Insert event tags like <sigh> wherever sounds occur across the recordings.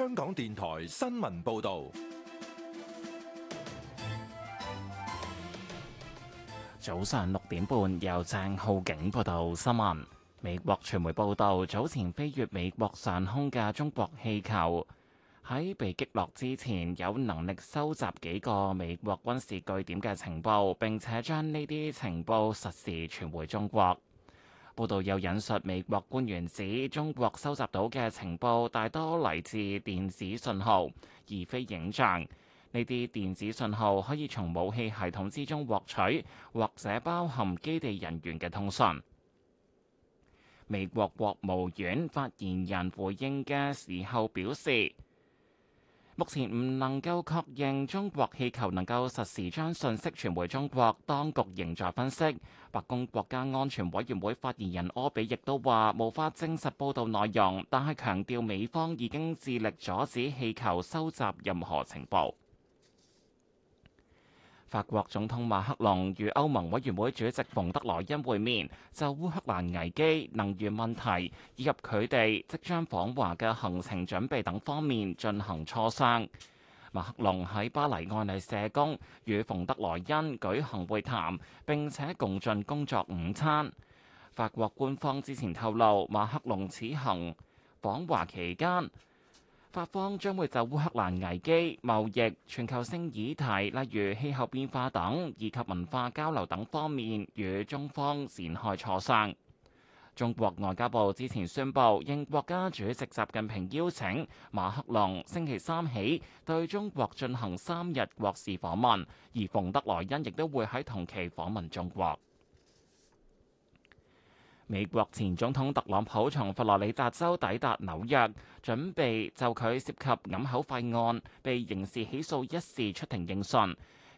香港電台新聞報道，早上六點半，由鄭浩景報道新聞。美國傳媒報道，早前飛越美國上空嘅中國氣球，喺被擊落之前，有能力收集幾個美國軍事據點嘅情報，並且將呢啲情報實時傳回中國。報道又引述美國官員指，中國收集到嘅情報大多嚟自電子信號，而非影像。呢啲電子信號可以從武器系統之中獲取，或者包含基地人員嘅通訊。美國國務院發言人回應嘅時候表示，目前唔能夠確認中國氣球能夠實時將信息傳回中國當局，仍在分析。白宮國家安全委員會發言人柯比亦都話無法證實報道內容，但係強調美方已經致力阻止氣球收集任何情報。法國總統馬克龍與歐盟委員會主席馮德萊恩會面，就烏克蘭危機、能源問題以及佢哋即將訪華嘅行程準備等方面進行磋商。馬克龍喺巴黎愛麗舍宮與馮德萊恩舉行會談，並且共進工作午餐。法國官方之前透露，馬克龍此行訪華期間。法方將會就烏克蘭危機、貿易、全球性議題，例如氣候變化等，以及文化交流等方面與中方展開磋商。中國外交部之前宣布，應國家主席習近平邀請，馬克龍星期三起對中國進行三日國事訪問，而馮德萊恩亦都會喺同期訪問中國。美國前總統特朗普從佛羅里達州抵達紐約，準備就佢涉及掩口費案被刑事起訴一事出庭應訊。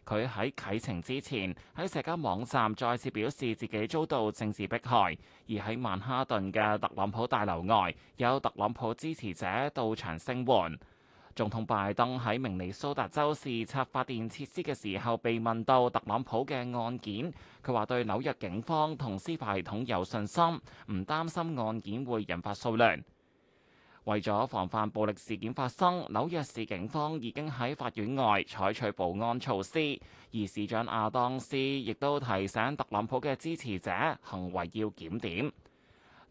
佢喺啟程之前喺社交網站再次表示自己遭到政治迫害，而喺曼哈頓嘅特朗普大樓外有特朗普支持者到場聲援。總統拜登喺明尼蘇達州視察發電設施嘅時候，被問到特朗普嘅案件，佢話對紐約警方同司法系統有信心，唔擔心案件會引發騷亂。為咗防範暴力事件發生，紐約市警方已經喺法院外採取保安措施，而市長亞當斯亦都提醒特朗普嘅支持者行為要檢點。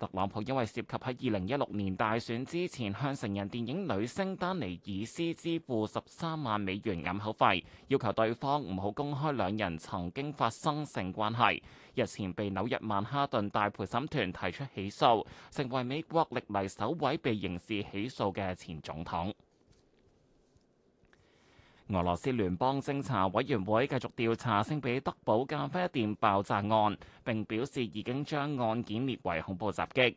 特朗普因為涉及喺二零一六年大選之前向成人電影女星丹尼爾斯支付十三萬美元掩口費，要求對方唔好公開兩人曾經發生性關係，日前被紐約曼哈頓大陪審團提出起訴，成為美國歷嚟首位被刑事起訴嘅前總統。俄羅斯聯邦偵查委員會繼續調查聖彼得堡咖啡店爆炸案，並表示已經將案件列為恐怖襲擊。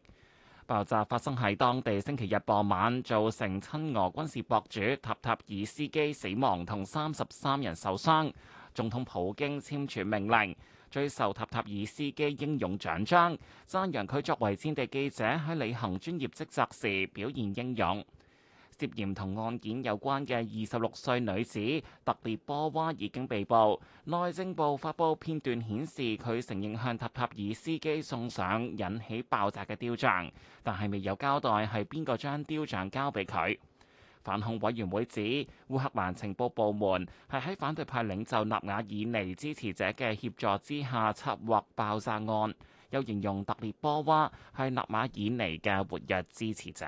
爆炸發生喺當地星期日傍晚，造成親俄軍事博主塔塔爾斯基死亡同三十三人受傷。總統普京簽署命令，追授塔塔爾斯基英勇獎章，讚揚佢作為戰地記者喺履行專業職責時表現英勇。涉嫌同案件有關嘅二十六歲女子特列波娃已經被捕。內政部發布片段顯示，佢承認向塔塔爾斯基送上引起爆炸嘅雕像，但係未有交代係邊個將雕像交俾佢。反恐委員會指烏克蘭情報部門係喺反對派領袖納瓦爾尼支持者嘅協助之下策劃爆炸案，又形容特列波娃係納瓦爾尼嘅活躍支持者。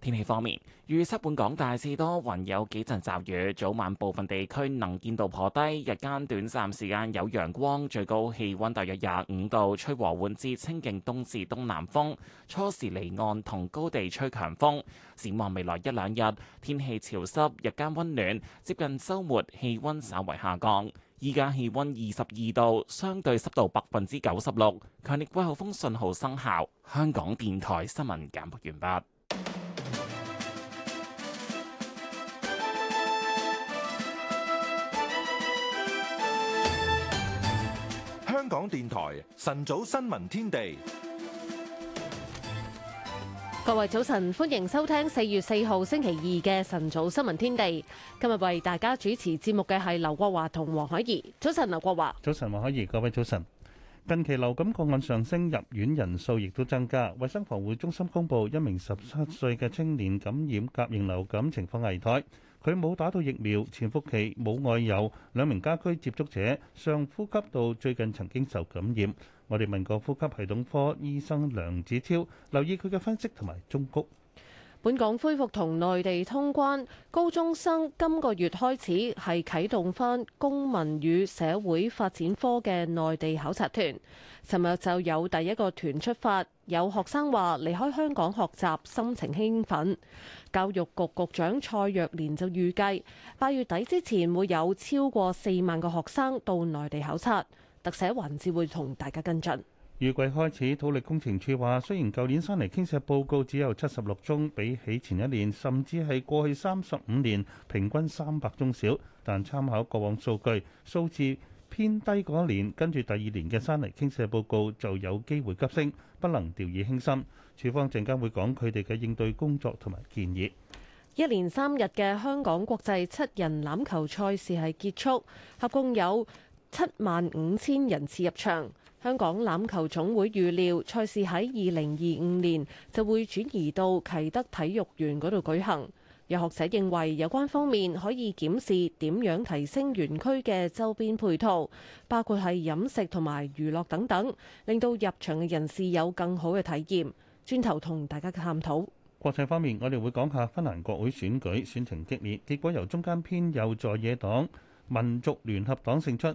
天氣方面，預測本港大致多雲，有幾陣驟雨。早晚部分地區能見度頗低，日間短暫時間有陽光，最高氣溫大約廿五度，吹和緩至清勁東至東南風。初時離岸同高地吹強風。展望未來一兩日，天氣潮濕，日間溫暖。接近周末，氣溫稍為下降。依家氣溫二十二度，相對濕度百分之九十六，強烈季候風信號生效。香港電台新聞簡報完畢。香港電台晨早新聞天地，各位早晨，歡迎收聽四月四號星期二嘅晨早新聞天地。今日為大家主持節目嘅係劉國華同黃海怡。早晨，劉國華。早晨，黃海怡。各位早晨。近期流感個案上升，入院人數亦都增加。衛生防護中心公佈，一名十七歲嘅青年感染甲型流感，情況危殆。佢冇打到疫苗，潛伏期冇外遊，兩名家居接觸者上呼吸道最近曾經受感染。我哋問過呼吸系統科醫生梁子超，留意佢嘅分析同埋忠告。本港恢復同內地通關，高中生今個月開始係啟動返公民與社會發展科嘅內地考察團。尋日就有第一個團出發，有學生話離開香港學習心情興奮。教育局局，局長蔡若蓮就預計八月底之前會有超過四萬個學生到內地考察。特寫環節會同大家跟進。雨季開始，土力工程處話，雖然舊年山泥傾瀉報告只有七十六宗，比起前一年甚至係過去三十五年平均三百宗少，但參考過往數據，數字偏低嗰一年，跟住第二年嘅山泥傾瀉報告就有機會急升，不能掉以輕心。處方陣間會講佢哋嘅應對工作同埋建議。一連三日嘅香港國際七人欖球賽事係結束，合共有七萬五千人次入場。香港欖球總會預料賽事喺二零二五年就會轉移到啟德體育園嗰度舉行。有學者認為有關方面可以檢視點樣提升園區嘅周邊配套，包括係飲食同埋娛樂等等，令到入場嘅人士有更好嘅體驗。轉頭同大家探討。國際方面，我哋會講下芬蘭國會選舉選情激烈，結果由中間偏右在野黨民族聯合黨勝出。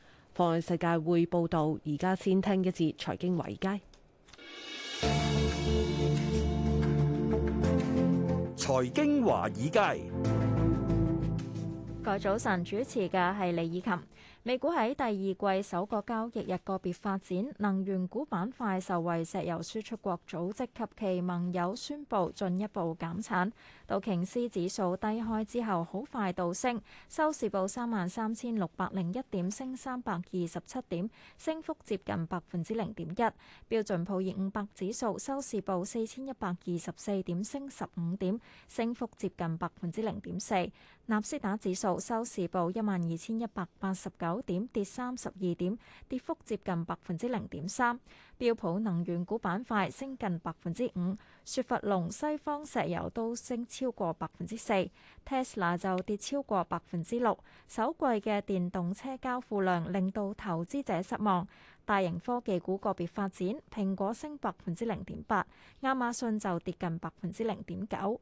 放眼世界會報道，而家先聽一節財經華爾街。財經華爾街，各位早晨，主持嘅係李以琴。美股喺第二季首個交易日個別發展，能源股板塊受惠石油輸出國組織及其盟友宣布進一步減產。道瓊斯指數低開之後好快到升，收市報三萬三千六百零一點，升三百二十七點，升幅接近百分之零點一。標準普爾五百指數收市報四千一百二十四點，升十五點，升幅接近百分之零點四。納斯達指數收市報一萬二千一百八十九。九點跌三十二點，跌幅接近百分之零點三。標普能源股板塊升近百分之五，雪佛龍、西方石油都升超過百分之四。Tesla 就跌超過百分之六。首季嘅電動車交付量令到投資者失望。大型科技股個別發展，蘋果升百分之零點八，亞馬遜就跌近百分之零點九。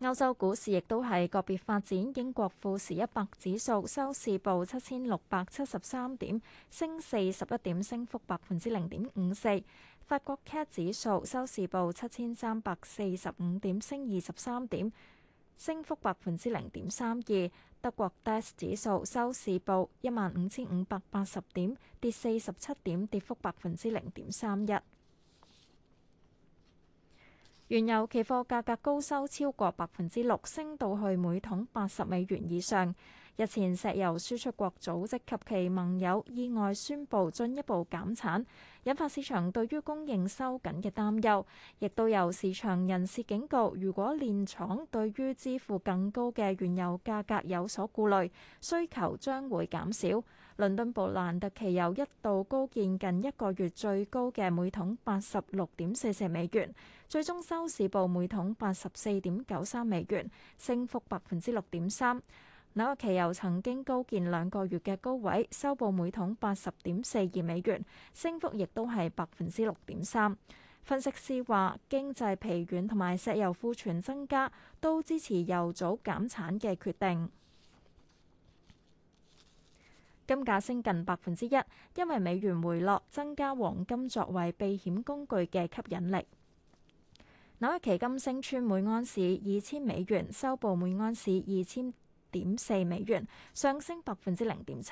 歐洲股市亦都係個別發展，英國富時一百指數收市報七千六百七十三點，升四十一點，升幅百分之零點五四。法國 CAC 指數收市報七千三百四十五點，升二十三點，升幅百分之零點三二。德國 DAX 指數收市報一萬五千五百八十點，跌四十七點，跌幅百分之零點三一。原油期貨價格高收超過百分之六，升到去每桶八十美元以上。日前石油輸出國組織及其盟友意外宣佈進一步減產，引發市場對於供應收緊嘅擔憂，亦都有市場人士警告，如果煉廠對於支付更高嘅原油價格有所顧慮，需求將會減少。倫敦布蘭特期油一度高見近一個月最高嘅每桶八十六點四四美元，最終收市報每桶八十四點九三美元，升幅百分之六點三。紐約期油曾經高見兩個月嘅高位，收報每桶八十點四二美元，升幅亦都係百分之六點三。分析師話，經濟疲軟同埋石油庫存增加都支持油組減產嘅決定。金價升近百分之一，因為美元回落，增加黃金作為避險工具嘅吸引力。紐約期金升穿每安士二千美元，收報每安士二千點四美元，上升百分之零點七。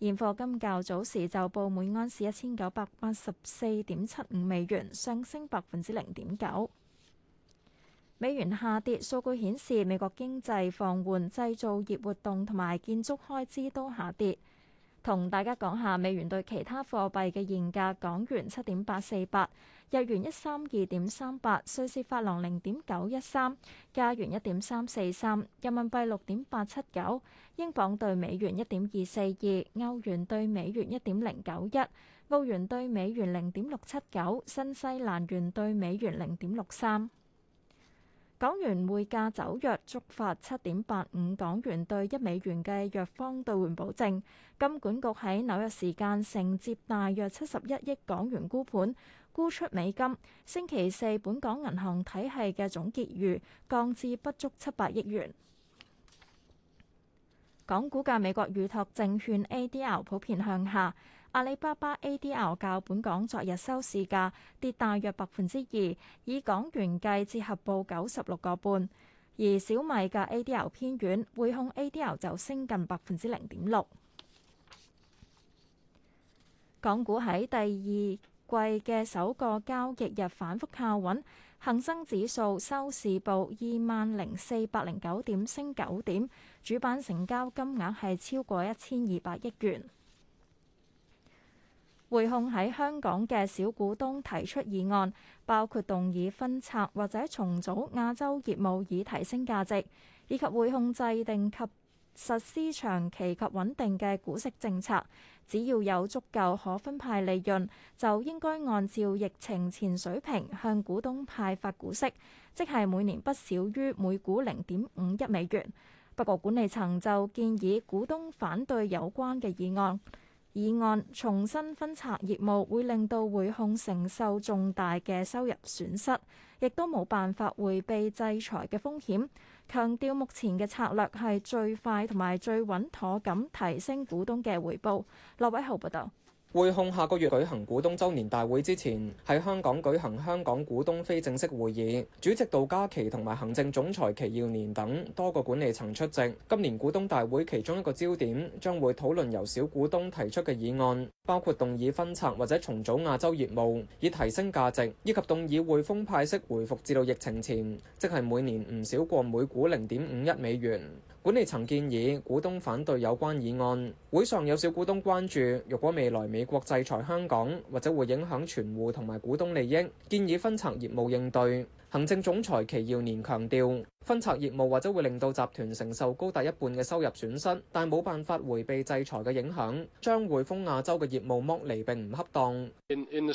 現貨金較早時就報每安士一千九百八十四點七五美元，上升百分之零點九。美元下跌，數據顯示美國經濟放緩，製造業活動同埋建築開支都下跌。同大家講下美元對其他貨幣嘅現價：港元七點八四八，日元一三二點三八，瑞士法郎零點九一三，加元一點三四三，人民幣六點八七九，英鎊對美元一點二四二，歐元對美元一點零九一，澳元對美元零點六七九，新西蘭元對美元零點六三。港元匯價走弱，觸發七點八五港元對一美元嘅弱方兌換保證。金管局喺紐約時間承接大約七十一億港元沽盤，沽出美金。星期四本港銀行體系嘅總結餘降至不足七百億元。港股嘅美國預託證券 ADR 普遍向下。阿里巴巴 A.D.O. 較本港昨日收市價跌大約百分之二，以港元計折合報九十六個半。而小米嘅 A.D.O. 偏軟，匯控 A.D.O. 就升近百分之零點六。港股喺第二季嘅首個交易日反覆靠穩，恒生指數收市報二萬零四百零九點升九點，主板成交金額係超過一千二百億元。匯控喺香港嘅小股東提出議案，包括動議分拆或者重組亞洲業務以提升價值，以及匯控制定及實施長期及穩定嘅股息政策。只要有足夠可分派利潤，就應該按照疫情前水平向股東派發股息，即係每年不少於每股零點五一美元。不過，管理層就建議股東反對有關嘅議案。議案重新分拆業務會令到匯控承受重大嘅收入損失，亦都冇辦法回避制裁嘅風險，強調目前嘅策略係最快同埋最穩妥咁提升股東嘅回報，羅偉豪報道。匯控下個月舉行股東周年大會之前，喺香港舉行香港股東非正式會議，主席杜嘉祺同埋行政總裁祁耀年等多個管理層出席。今年股東大會其中一個焦點將會討論由小股東提出嘅議案，包括動議分拆或者重組亞洲業務以提升價值，以及動議匯豐派息回復至到疫情前，即係每年唔少過每股零點五一美元。管理層建議股東反對有關議案，會上有小股東關注，如果未來美國制裁香港，或者會影響全戶同埋股東利益，建議分拆業務應對。行政總裁祁耀年強調，分拆業務或者會令到集團承受高達一半嘅收入損失，但冇辦法回避制裁嘅影響，將匯豐亞洲嘅業務剝離並唔恰當。In, in the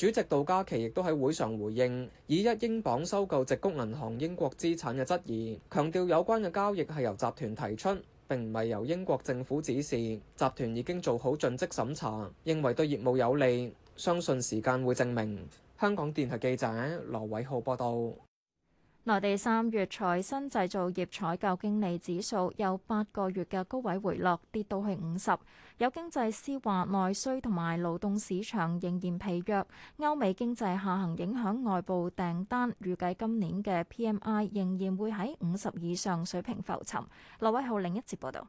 主席杜嘉琪亦都喺會上回應以一英鎊收購矽谷銀行英國資產嘅質疑，強調有關嘅交易係由集團提出，並唔係由英國政府指示。集團已經做好盡職審查，認為對業務有利，相信時間會證明。香港電台記者羅偉浩報道。內地三月財新製造業採購經理指數由八個月嘅高位回落，跌到去五十。有經濟師話，內需同埋勞動市場仍然疲弱，歐美經濟下行影響外部訂單，預計今年嘅 PMI 仍然會喺五十以上水平浮沉。羅偉豪另一節報道。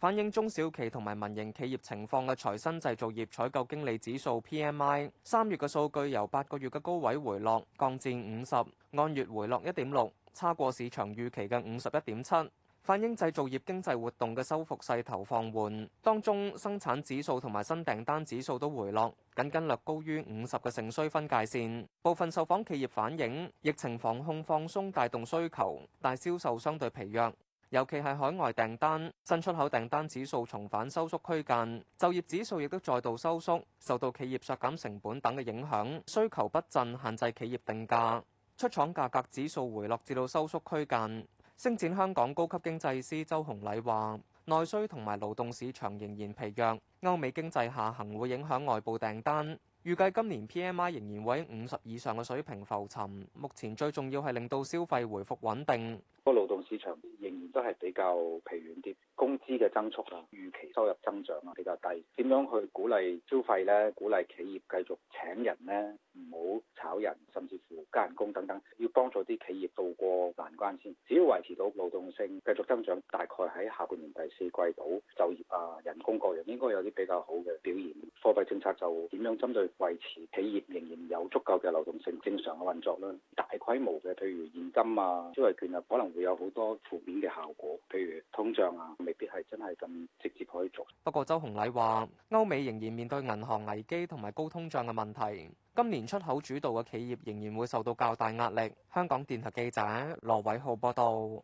反映中小企同埋民營企業情況嘅財新製造業採購經理指數 PMI 三月嘅數據由八個月嘅高位回落，降至五十，按月回落一點六，差過市場預期嘅五十一點七，反映製造業經濟活動嘅收復勢頭放緩，當中生產指數同埋新訂單指數都回落，僅僅略高於五十嘅盛衰分界綫，部分受訪企業反映疫情防控放鬆帶動需求，但銷售相對疲弱。尤其係海外訂單、新出口訂單指數重返收縮區間，就業指數亦都再度收縮，受到企業削減成本等嘅影響，需求不振限制企業定價。出廠價格指數回落至到收縮區間。星展香港高級經濟師周紅禮話：內需同埋勞動市場仍然疲弱，歐美經濟下行會影響外部訂單。預計今年 P M I 仍然會喺五十以上嘅水平浮沉。目前最重要係令到消費回復穩定。個勞動市場。仍然都係比較疲軟啲，工資嘅增速啊，預期收入增長啊比較低。點樣去鼓勵消費咧？鼓勵企業繼續請人咧，唔好炒人，甚至乎加人工等等，要幫助啲企業渡過難關先。只要維持到勞動性繼續增長，大概喺下半年第四季度，就業啊、人工個人應該有啲比較好嘅表現。貨幣政策就點樣針對維持企業仍然有足夠嘅流動性正常嘅運作咧？大規模嘅，譬如現金啊、消費券啊，可能會有好多嘅效果，譬如通脹啊，未必係真係咁直接可以做。不過，周洪禮話：歐美仍然面對銀行危機同埋高通脹嘅問題，今年出口主導嘅企業仍然會受到較大壓力。香港電台記者羅偉浩報道。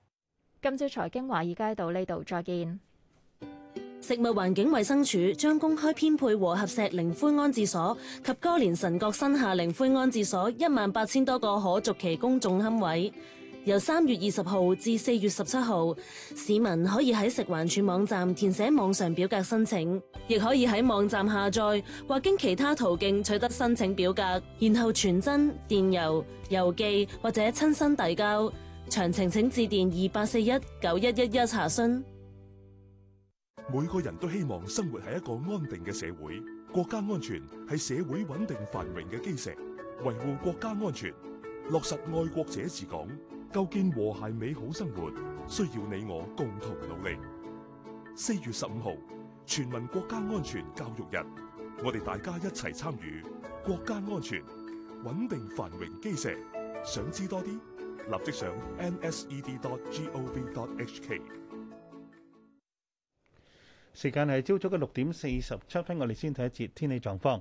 今朝財經華爾街到呢度，再見。食物環境衞生署將公開編配和合石靈灰安置所及哥連臣角新廈靈灰安置所一萬八千多個可續期公眾龕位。由三月二十號至四月十七號，市民可以喺食環署網站填寫網上表格申請，亦可以喺網站下載或經其他途徑取得申請表格，然後傳真、電郵、郵寄或者親身遞交。詳情請致電二八四一九一一一查詢。每個人都希望生活喺一個安定嘅社會，國家安全係社會穩定繁榮嘅基石，維護國家安全，落實愛國者治港。構建和諧美好生活，需要你我共同努力。四月十五號，全民國家安全教育日，我哋大家一齊參與國家安全，穩定繁榮基石。想知多啲，立即上 nsed.gov.hk。時間係朝早嘅六點四十七分，我哋先睇一節天氣狀況。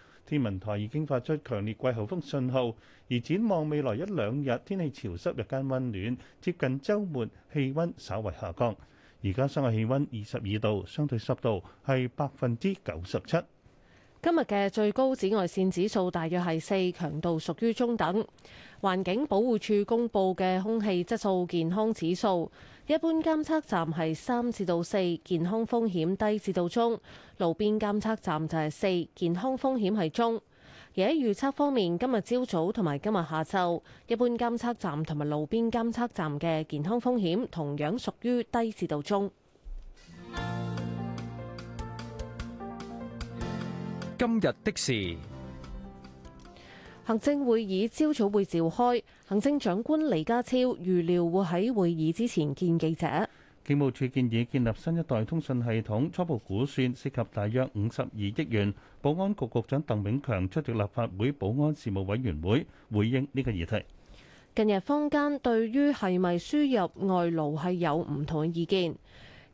天文台已經發出強烈季候風信號，而展望未來一兩日，天氣潮濕，日間温暖，接近週末，氣温稍為下降。而家室外氣温二十二度，相對濕度係百分之九十七。今日嘅最高紫外線指數大約係四，強度屬於中等。環境保護署公布嘅空氣質素健康指數，一般監測站係三至到四，健康風險低至到中；路邊監測站就係四，健康風險係中。而喺預測方面，今日朝早同埋今日下晝，一般監測站同埋路邊監測站嘅健康風險同樣屬於低至到中。今日的事，行政會議朝早會召開，行政長官李家超預料會喺會議之前見記者。警務處建議建立新一代通訊系統，初步估算涉及大約五十二億元。保安局局長鄧炳強出席立法會保安事務委員會，回應呢個議題。近日坊間對於係咪輸入外勞係有唔同嘅意見。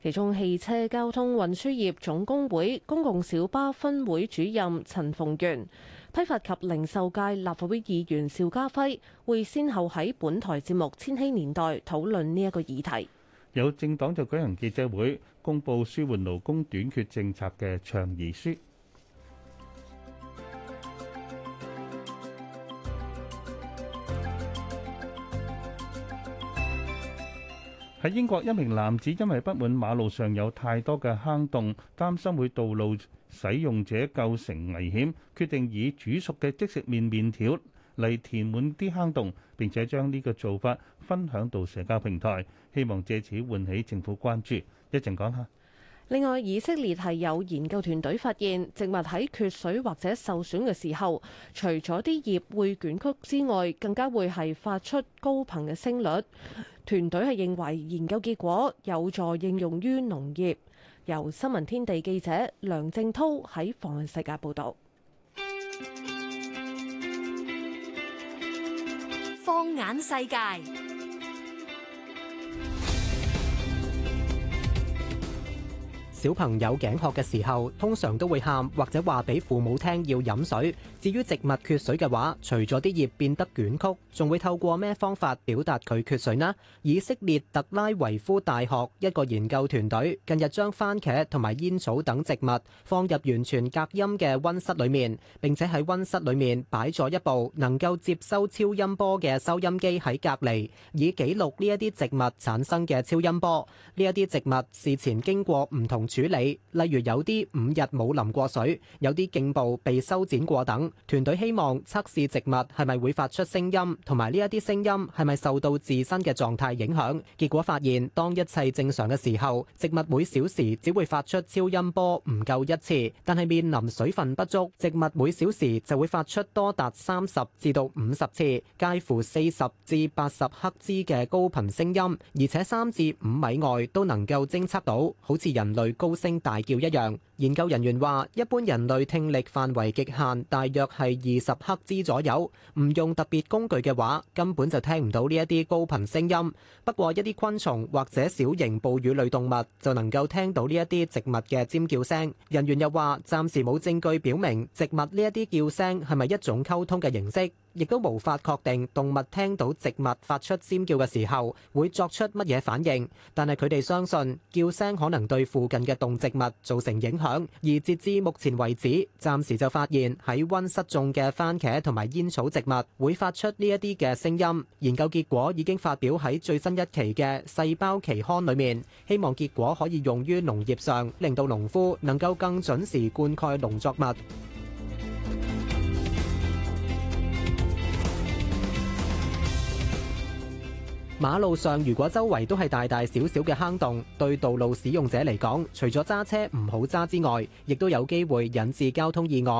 其中，汽車交通運輸業總工會公共小巴分會主任陳逢源、批發及零售界立法會議員邵家輝會先後喺本台節目《千禧年代》討論呢一個議題。有政黨就舉行記者會，公布舒緩勞工短缺政策嘅倡議書。喺英國，一名男子因為不滿馬路上有太多嘅坑洞，擔心會道路使用者構成危險，決定以煮熟嘅即食麵麵條嚟填滿啲坑洞，並且將呢個做法分享到社交平台，希望藉此喚起政府關注。一陣講下。另外，以色列係有研究團隊發現，植物喺缺水或者受損嘅時候，除咗啲葉會捲曲之外，更加會係發出高頻嘅聲率。團隊係認為研究結果有助應用於農業。由新聞天地記者梁正濤喺放眼世界報導。放眼世界，小朋友頸渴嘅時候，通常都會喊或者話俾父母聽要飲水。至於植物缺水嘅話，除咗啲葉變得捲曲，仲會透過咩方法表達佢缺水呢？以色列特拉維夫大學一個研究團隊近日將蕃茄同埋煙草等植物放入完全隔音嘅溫室裏面，並且喺溫室裏面擺咗一部能夠接收超音波嘅收音機喺隔離，以記錄呢一啲植物產生嘅超音波。呢一啲植物事前經過唔同處理，例如有啲五日冇淋過水，有啲莖部被修剪過等。團隊希望測試植物係咪會發出聲音，同埋呢一啲聲音係咪受到自身嘅狀態影響。結果發現，當一切正常嘅時候，植物每小時只會發出超音波唔夠一次，但係面臨水分不足，植物每小時就會發出多達三十至到五十次，介乎四十至八十赫茲嘅高頻聲音，而且三至五米外都能夠偵測到，好似人類高聲大叫一樣。研究人員話：一般人類聽力範圍極限大約係二十赫茲左右，唔用特別工具嘅話，根本就聽唔到呢一啲高頻聲音。不過一啲昆蟲或者小型哺乳類動物就能夠聽到呢一啲植物嘅尖叫聲。人員又話：暫時冇證據表明植物呢一啲叫聲係咪一種溝通嘅形式。亦都無法確定動物聽到植物發出尖叫嘅時候會作出乜嘢反應，但係佢哋相信叫聲可能對附近嘅動植物造成影響。而截至目前為止，暫時就發現喺溫室種嘅番茄同埋煙草植物會發出呢一啲嘅聲音。研究結果已經發表喺最新一期嘅《細胞期刊》裏面，希望結果可以用於農業上，令到農夫能夠更準時灌溉農作物。馬路上如果周圍都係大大小小嘅坑洞，對道路使用者嚟講，除咗揸車唔好揸之外，亦都有機會引致交通意外。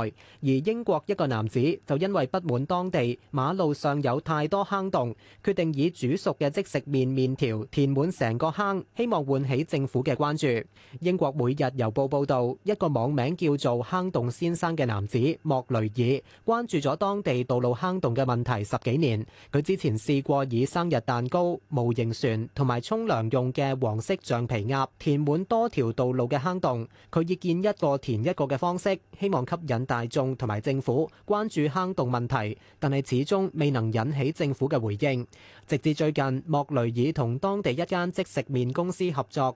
而英國一個男子就因為不滿當地馬路上有太多坑洞，決定以煮熟嘅即食麵麵條填滿成個坑，希望喚起政府嘅關注。英國每日郵報報道，一個網名叫做坑洞先生嘅男子，莫雷爾，關注咗當地道路坑洞嘅問題十幾年。佢之前試過以生日蛋糕模型船同埋沖涼用嘅黃色橡皮鴨填滿多條道路嘅坑洞，佢以見一個填一個嘅方式，希望吸引大眾同埋政府關注坑洞問題，但係始終未能引起政府嘅回應。直至最近，莫雷爾同當地一間即食麵公司合作。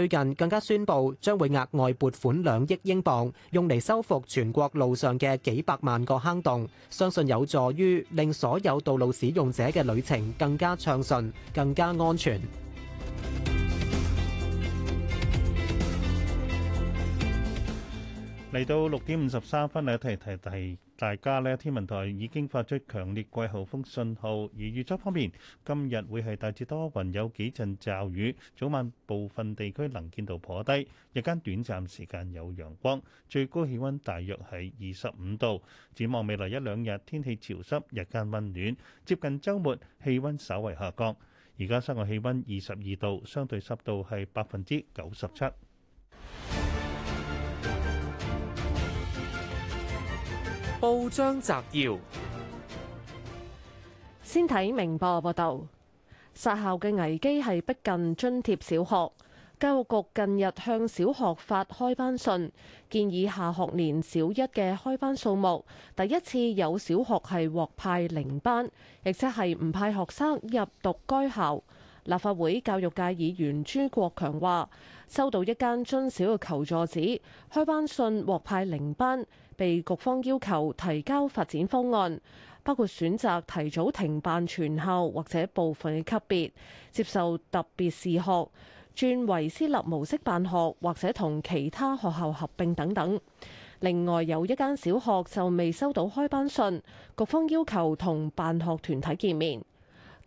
最近更加宣布，將會額外撥款兩億英鎊，用嚟修復全國路上嘅幾百萬個坑洞，相信有助於令所有道路使用者嘅旅程更加暢順、更加安全。嚟到六點五十三分，嚟提一提大大家呢，天文台已經發出強烈季候風信號。而預測方面，今日會係大致多雲，有幾陣驟雨，早晚部分地區能見度頗低，日間短暫時間有陽光，最高氣温大約係二十五度。展望未來一兩日，天氣潮濕，日間温暖，接近週末氣温稍為下降。而家室外氣温二十二度，相對濕度係百分之九十七。報章摘要，先睇明報報道，殺校嘅危機係逼近津貼小學。教育局近日向小學發開班信，建議下學年小一嘅開班數目，第一次有小學係獲派零班，亦即係唔派學生入讀該校。立法會教育界議員朱國強話，收到一間津小嘅求助，指開班信獲派零班。被局方要求提交發展方案，包括選擇提早停辦全校或者部分嘅級別，接受特別試學，轉為私立模式辦學，或者同其他學校合併等等。另外有一間小學就未收到開班信，局方要求同辦學團體見面。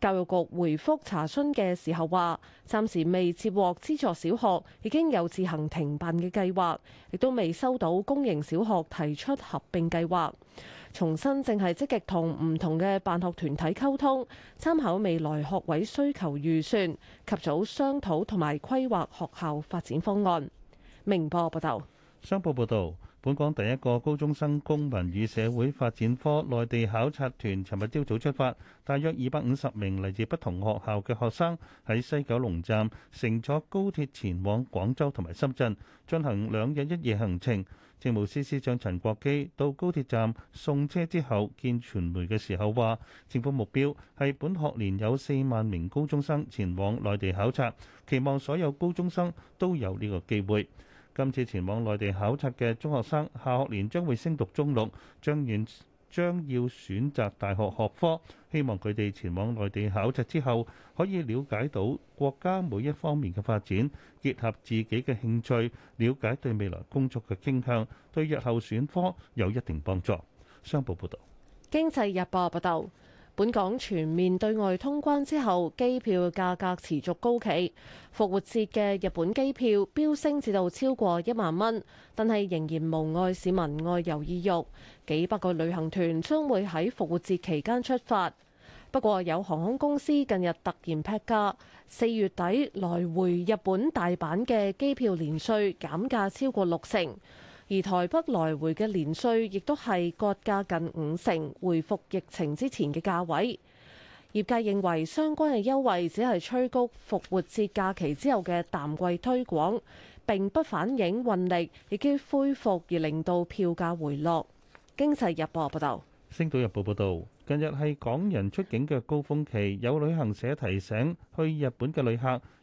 教育局回覆查詢嘅時候話，暫時未接獲資助小學已經有自行停辦嘅計劃，亦都未收到公營小學提出合併計劃。重申正係積極同唔同嘅辦學團體溝通，參考未來學位需求預算，及早商討同埋規劃學校發展方案。明報報道，商報報道。本港第一個高中生公民與社會發展科內地考察團尋日朝早出發，大約二百五十名嚟自不同學校嘅學生喺西九龍站乘坐高鐵前往廣州同埋深圳進行兩日一夜行程。政務司司長陳國基到高鐵站送車之後見傳媒嘅時候話，政府目標係本學年有四萬名高中生前往內地考察，期望所有高中生都有呢個機會。今次前往內地考察嘅中學生，下學年將會升讀中六，將選將要選擇大學學科。希望佢哋前往內地考察之後，可以了解到國家每一方面嘅發展，結合自己嘅興趣，了解對未來工作嘅傾向，對日後選科有一定幫助。商報報道，經濟日報報道。本港全面對外通關之後，機票價格持續高企。復活節嘅日本機票飆升至到超過一萬蚊，但係仍然無礙市民外遊意欲。幾百個旅行團將會喺復活節期間出發，不過有航空公司近日突然劈價，四月底來回日本大阪嘅機票連稅減價超過六成。而台北來回嘅年稅亦都係割價近五成，回復疫情之前嘅價位。業界認為相關嘅優惠只係吹高復活節假期之後嘅淡季推廣，並不反映運力已經恢復而令到票價回落。經濟日報報道。星島日報報道，近日係港人出境嘅高峰期，有旅行社提醒去日本嘅旅客。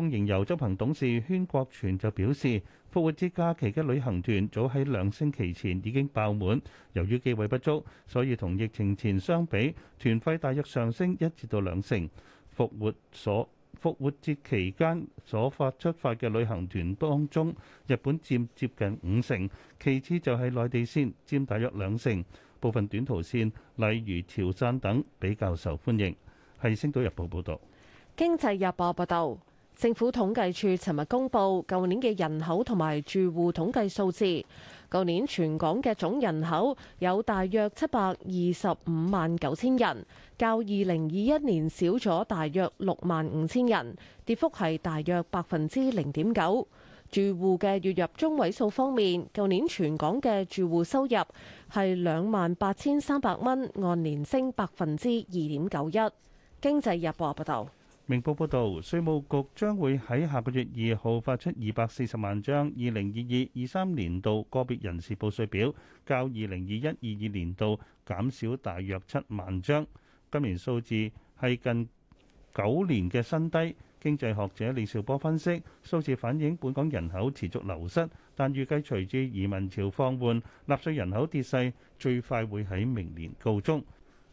東瀛遊執行董事禤國全就表示，復活節假期嘅旅行團早喺兩星期前已經爆滿，由於機位不足，所以同疫情前相比，團費大約上升一至到兩成。復活所復活節期間所發出發嘅旅行團當中，日本佔接近五成，其次就係內地線佔大約兩成，部分短途線例如潮汕等比較受歡迎。係《星島日報》報道，《經濟日報》報道。政府統計處尋日公布舊年嘅人口同埋住戶統計數字。舊年全港嘅總人口有大約七百二十五萬九千人，較二零二一年少咗大約六萬五千人，跌幅係大約百分之零點九。住戶嘅月入中位數方面，舊年全港嘅住戶收入係兩萬八千三百蚊，按年升百分之二點九一。經濟日報報、啊、道。明報報導，稅務局將會喺下個月二號發出二百四十萬張二零二二二三年度個別人士報稅表，較二零二一二二年度減少大約七萬張。今年數字係近九年嘅新低。經濟學者李兆波分析，數字反映本港人口持續流失，但預計隨住移民潮放緩，納稅人口跌勢最快會喺明年告終。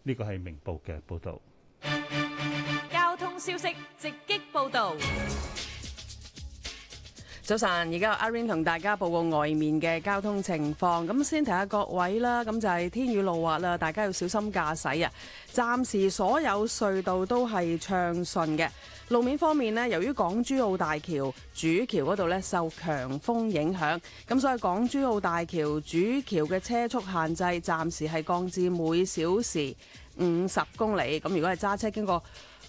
呢個係明報嘅報導。消息直擊報道，早晨，而家阿阿 Rain 同大家報告外面嘅交通情況。咁先提下各位啦，咁就係天雨路滑啦，大家要小心駕駛啊！暫時所有隧道都係暢順嘅。路面方面呢，由於港珠澳大橋主橋嗰度咧受強風影響，咁所以港珠澳大橋主橋嘅車速限制暫時係降至每小時五十公里。咁如果係揸車經過。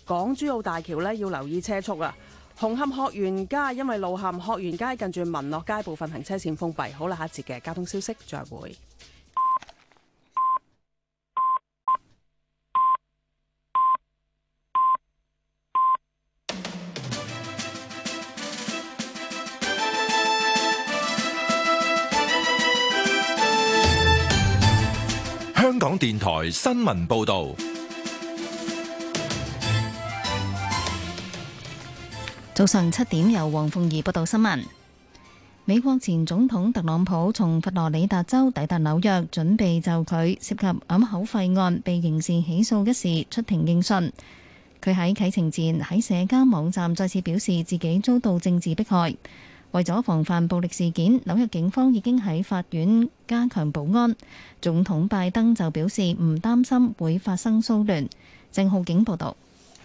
港珠澳大橋咧要留意車速啊！紅磡鶴園街因為路陷，鶴園街近住民樂街部分行車線封閉。好啦，下一節嘅交通消息再會。香港電台新聞報導。早上七點，由鳳儀，由黃鳳儀報道新聞。美國前總統特朗普從佛羅里達州抵達紐約，準備就佢涉及掩口費案被刑事起訴一事出庭應訊。佢喺啟程前喺社交網站再次表示自己遭到政治迫害。為咗防範暴力事件，紐約警方已經喺法院加強保安。總統拜登就表示唔擔心會發生騷亂。鄭浩景報道。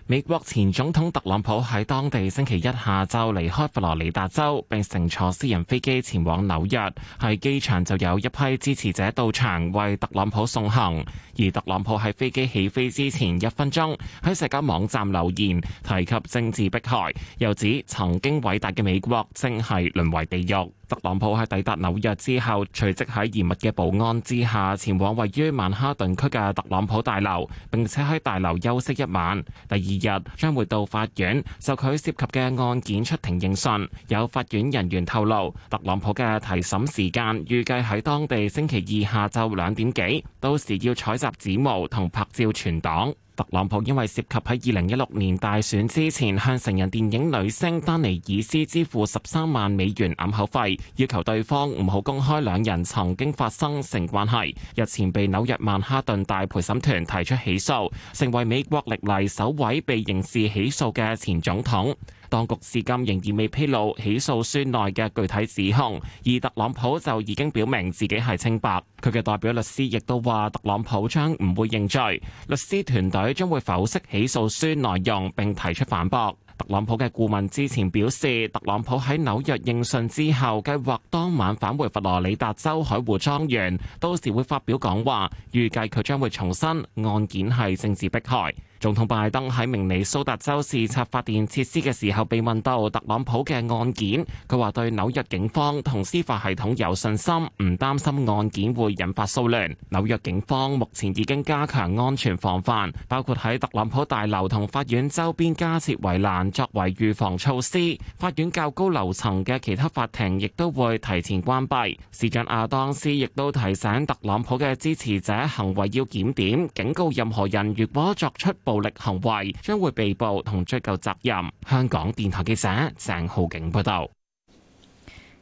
美國前總統特朗普喺當地星期一下晝離開佛羅里達州，並乘坐私人飛機前往紐約。喺機場就有一批支持者到場為特朗普送行。而特朗普喺飛機起飛之前一分鐘，喺社交網站留言，提及政治迫害，又指曾經偉大嘅美國正係淪為地獄。特朗普喺抵達紐約之後，隨即喺嚴密嘅保安之下前往位於曼哈頓區嘅特朗普大樓，並且喺大樓休息一晚。第二日將會到法院就佢涉及嘅案件出庭應訊。有法院人員透露，特朗普嘅提審時間預計喺當地星期二下晝兩點幾，到時要採集指模同拍照存檔。特朗普因為涉及喺二零一六年大選之前向成人電影女星丹尼爾斯支付十三萬美元掩口費，要求對方唔好公開兩人曾經發生性關係，日前被紐約曼哈頓大陪審團提出起訴，成為美國歷嚟首位被刑事起訴嘅前總統。當局至今仍然未披露起訴書內嘅具體指控，而特朗普就已經表明自己係清白。佢嘅代表律師亦都話，特朗普將唔會認罪，律師團隊將會否釋起訴書內容並提出反駁。特朗普嘅顧問之前表示，特朗普喺紐約應訊之後，計劃當晚返回佛羅里達州海湖莊園，到時會發表講話，預計佢將會重申案件係政治迫害。總統拜登喺明尼蘇達州視察發電設施嘅時候被問到特朗普嘅案件，佢話對紐約警方同司法系統有信心，唔擔心案件會引發騷亂。紐約警方目前已經加強安全防範，包括喺特朗普大樓同法院周邊加設圍欄作為預防措施。法院較高樓層嘅其他法庭亦都會提前關閉。市長亞當斯亦都提醒特朗普嘅支持者行為要檢點，警告任何人如果作出暴力行為將會被捕同追究責任。香港電台記者鄭浩景報道。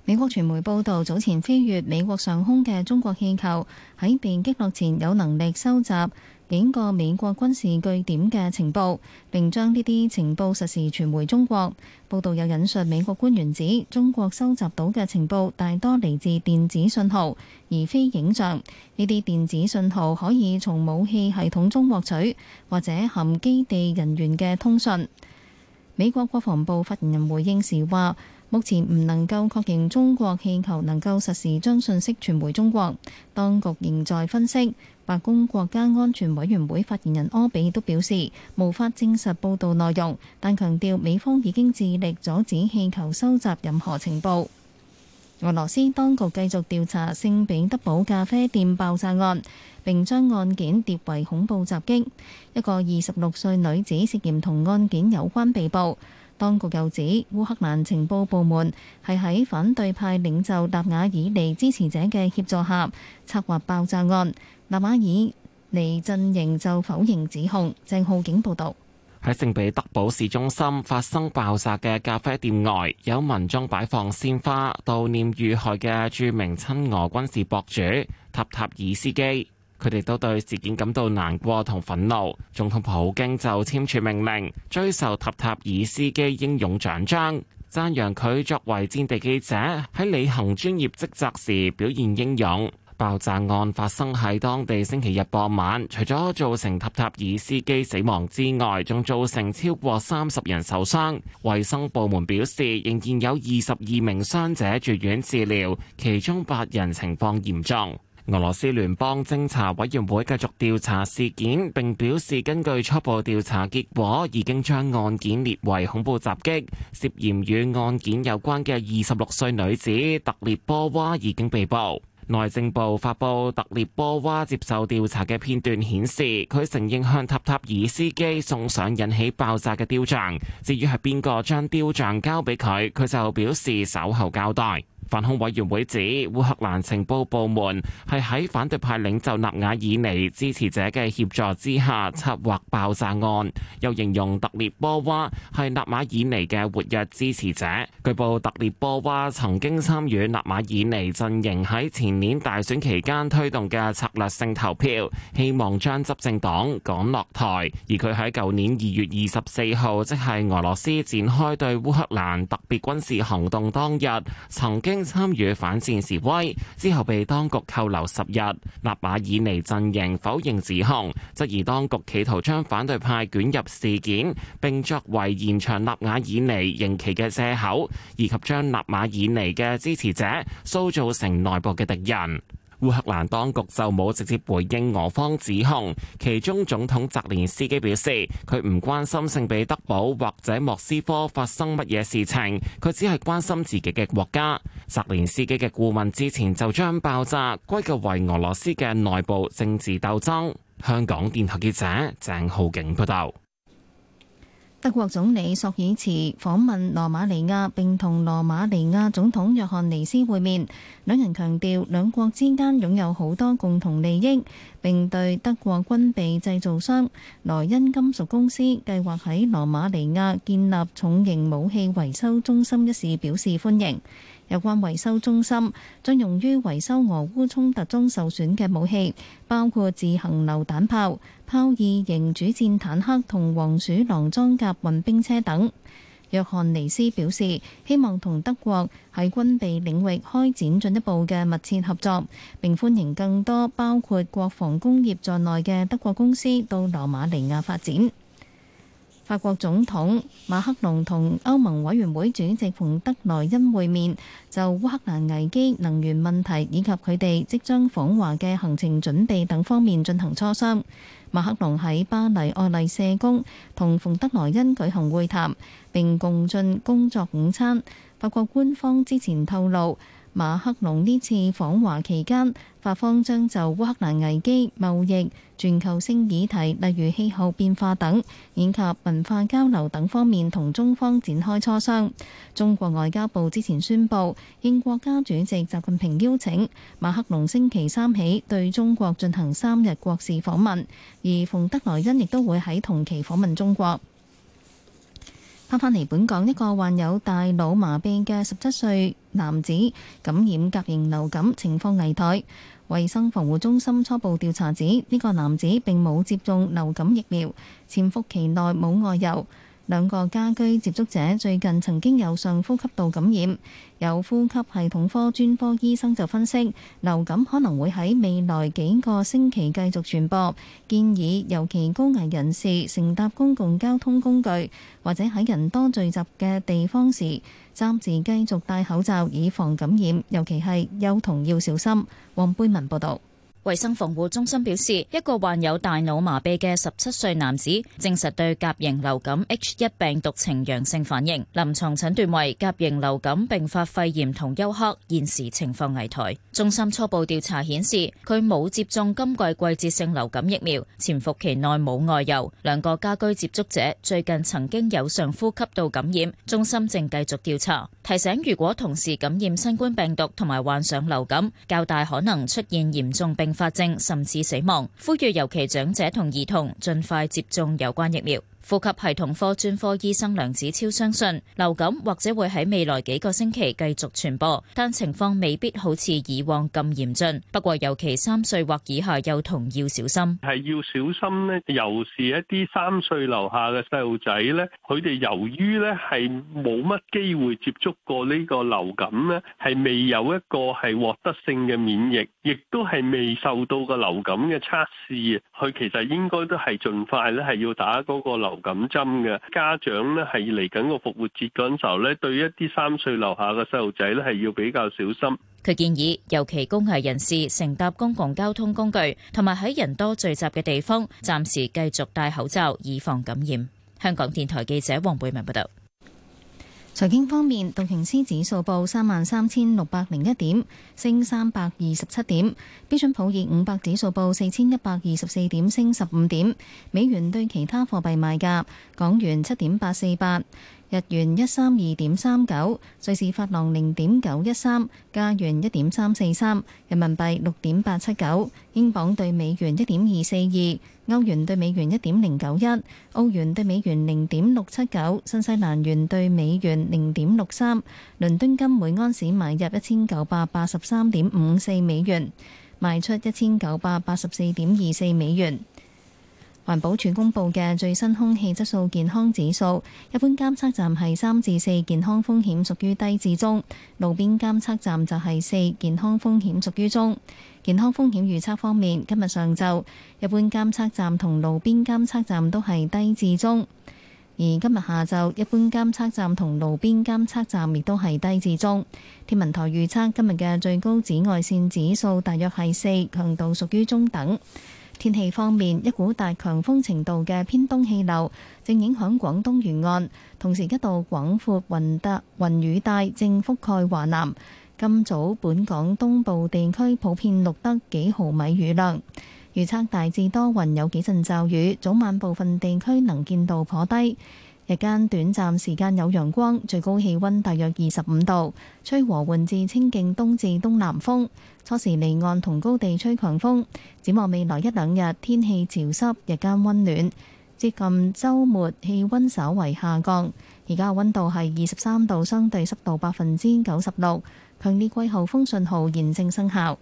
美國傳媒報導，早前飛越美國上空嘅中國氣球喺被擊落前，有能力收集。影過美國軍事據點嘅情報，並將呢啲情報實時傳回中國。報道又引述美國官員指，中國收集到嘅情報大多嚟自電子信號，而非影像。呢啲電子信號可以從武器系統中獲取，或者含基地人員嘅通訊。美國國防部發言人回應時話，目前唔能夠確認中國氣球能夠實時將信息傳回中國，當局仍在分析。白宮國家安全委員會發言人柯比都表示，無法證實報道內容，但強調美方已經致力阻止氣球收集任何情報。俄羅斯當局繼續調查聖彼得堡咖啡店爆炸案，並將案件列為恐怖襲擊。一個二十六歲女子涉嫌同案件有關被捕。當局又指，烏克蘭情報部門係喺反對派領袖納瓦爾尼支持者嘅協助下策劃爆炸案。納瓦爾尼陣營就否認指控。鄭浩景報道，喺聖彼得堡市中心發生爆炸嘅咖啡店外，有民眾擺放鮮花悼念遇害嘅著名親俄軍事博主塔塔爾斯基。佢哋都對事件感到難過同憤怒。總統普京就簽署命令追授塔塔爾斯基英勇獎章，讚揚佢作為戰地記者喺履行專業職責時表現英勇。爆炸案發生喺當地星期日傍晚，除咗造成塔塔爾斯基死亡之外，仲造成超過三十人受傷。衛生部門表示，仍然有二十二名傷者住院治療，其中八人情況嚴重。俄羅斯聯邦偵查委員會繼續調查事件，並表示根據初步調查結果，已經將案件列為恐怖襲擊。涉嫌與案件有關嘅二十六歲女子特列波娃已經被捕。內政部發佈特列波娃接受調查嘅片段顯示，佢承認向塔塔爾斯基送上引起爆炸嘅雕像。至於係邊個將雕像交俾佢，佢就表示稍後交代。反恐委員會指，烏克蘭情報部門係喺反對派領袖納瓦爾尼支持者嘅協助之下策劃爆炸案，又形容特列波娃係納瓦爾尼嘅活躍支持者。據報特列波娃曾經參與納瓦爾尼陣營喺前年大選期間推動嘅策略性投票，希望將執政黨趕落台。而佢喺舊年二月二十四號，即係俄羅斯展開對烏克蘭特別軍事行動當日，曾經參與反戰示威，之後被當局扣留十日，納馬爾尼陣營否認指控，質疑當局企圖將反對派捲入事件，並作為延長納馬爾尼刑期嘅借口，以及將納馬爾尼嘅支持者塑造成內部嘅敵人。烏克蘭當局就冇直接回應俄方指控，其中總統澤連斯基表示，佢唔關心聖彼得堡或者莫斯科發生乜嘢事情，佢只係關心自己嘅國家。澤連斯基嘅顧問之前就將爆炸歸咎為俄羅斯嘅內部政治鬥爭。香港電台記者鄭浩景報道。德國總理朔爾茨訪問羅馬尼亞，並同羅馬尼亞總統約翰尼斯會面，兩人強調兩國之間擁有好多共同利益，並對德國軍備製造商萊茵金屬公司計劃喺羅馬尼亞建立重型武器維修中心一事表示歡迎。有關維修中心將用於維修俄烏衝突中受損嘅武器，包括自行榴彈炮、豹二型主戰坦克同黃鼠狼裝甲運兵車等。約翰尼斯表示，希望同德國喺軍備領域開展進一步嘅密切合作，並歡迎更多包括國防工業在內嘅德國公司到羅馬尼亞發展。法國總統馬克龍同歐盟委員會主席馮德萊恩會面，就烏克蘭危機、能源問題以及佢哋即將訪華嘅行程準備等方面進行磋商。馬克龍喺巴黎愛麗舍宮同馮德萊恩舉行會談，並共進工作午餐。法國官方之前透露。馬克龍呢次訪華期間，法方將就烏克蘭危機、貿易、全球性議題，例如氣候變化等，以及文化交流等方面，同中方展開磋商。中國外交部之前宣布，應國家主席習近平邀請，馬克龍星期三起對中國進行三日國事訪問，而馮德萊恩亦都會喺同期訪問中國。翻返嚟本港，一個患有大腦麻痹嘅十七歲男子感染甲型流感，情況危殆。衛生防護中心初步調查指，呢個男子並冇接種流感疫苗，潛伏期內冇外遊。兩個家居接觸者最近曾經有上呼吸道感染。有呼吸系統科專科醫生就分析，流感可能會喺未來幾個星期繼續傳播，建議尤其高危人士乘搭公共交通工具，或者喺人多聚集嘅地方時，暫時繼續戴口罩以防感染，尤其係幼童要小心。黃貝文報道。衛生防護中心表示，一個患有大腦麻痹嘅十七歲男子證實對甲型流感 H1 病毒呈陽性反應，臨床診斷為甲型流感併發肺炎同休克，現時情況危殆。中心初步調查顯示，佢冇接種今季季節性流感疫苗，潛伏期內冇外遊，兩個家居接觸者最近曾經有上呼吸道感染。中心正繼續調查，提醒如果同時感染新冠病毒同埋患上流感，較大可能出現嚴重病發症甚至死亡，呼籲尤其長者同兒童盡快接種有關疫苗。呼吸系統科專科醫生梁子超相信，流感或者會喺未來幾個星期繼續傳播，但情況未必好似以往咁嚴峻。不過，尤其三歲或以下幼童要小心，係要小心咧。尤其是一啲三歲樓下嘅細路仔咧，佢哋由於咧係冇乜機會接觸過呢個流感咧，係未有一個係獲得性嘅免疫，亦都係未受到個流感嘅測試。佢其實應該都係盡快咧，係要打嗰個流咁針嘅家長呢，係嚟緊個復活節嗰陣時候呢，對一啲三歲樓下嘅細路仔呢，係要比較小心。佢建議，尤其高危人士乘搭公共交通工具，同埋喺人多聚集嘅地方，暫時繼續戴口罩，以防感染。香港電台記者黃貝文報道。財經方面，道瓊斯指數報三萬三千六百零一點，升三百二十七點；標準普爾五百指數報四千一百二十四點，升十五點。美元對其他貨幣賣價：港元七點八四八，日元一三二點三九，瑞士法郎零點九一三，加元一點三四三，人民幣六點八七九，英鎊對美元一點二四二。歐元對美元一點零九一，澳元對美元零點六七九，新西蘭元對美元零點六三，倫敦金每安士買入一千九百八十三點五四美元，賣出一千九百八十四點二四美元。環保署公布嘅最新空氣質素健康指數，一般監測站係三至四，健康風險屬於低至中；路邊監測站就係四，健康風險屬於中。健康風險預測方面，今日上晝一般監測站同路邊監測站都係低至中，而今日下晝一般監測站同路邊監測站亦都係低至中。天文台預測今日嘅最高紫外線指數大約係四，強度屬於中等。天氣方面，一股大強風程度嘅偏東氣流正影響廣東沿岸，同時一道廣闊雲帶雲雨帶正覆蓋華南。今早本港東部地區普遍錄得幾毫米雨量，預測大致多雲有幾陣驟雨，早晚部分地區能見度頗低，日間短暫時間有陽光，最高氣温大約二十五度，吹和緩至清勁東至東南風。初時離岸同高地吹強風，展望未來一兩日天氣潮濕，日間溫暖。接近周末氣溫稍為下降，而家嘅溫度係二十三度，相對濕度百分之九十六，強烈季候風信號現正生效。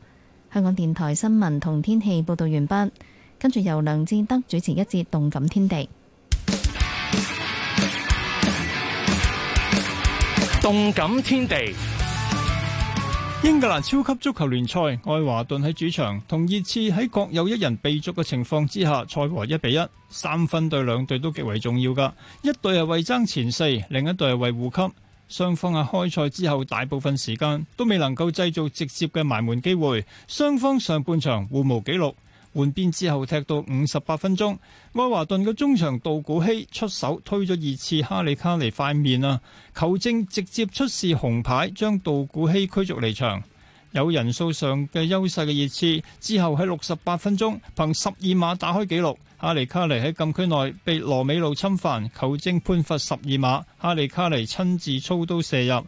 香港電台新聞同天氣報道完畢，跟住由梁志德主持一節《動感天地》。《動感天地》英格蘭超級足球聯賽，愛華頓喺主場同熱刺喺各有一人被逐嘅情況之下，賽和一比一，三分對兩隊都極為重要噶。一隊係為爭前四，另一隊係為護級。雙方喺開賽之後大部分時間都未能夠製造直接嘅埋門機會，雙方上半場互無紀錄。換邊之後踢到五十八分鐘，愛華頓嘅中場杜古希出手推咗熱刺哈利卡尼塊面啊，球證直接出示紅牌，將杜古希驅逐離場。有人數上嘅優勢嘅熱刺之後喺六十八分鐘憑十二碼打開紀錄，哈利卡尼喺禁區內被羅美路侵犯，球證判罰十二碼，哈利卡尼親自操刀射入。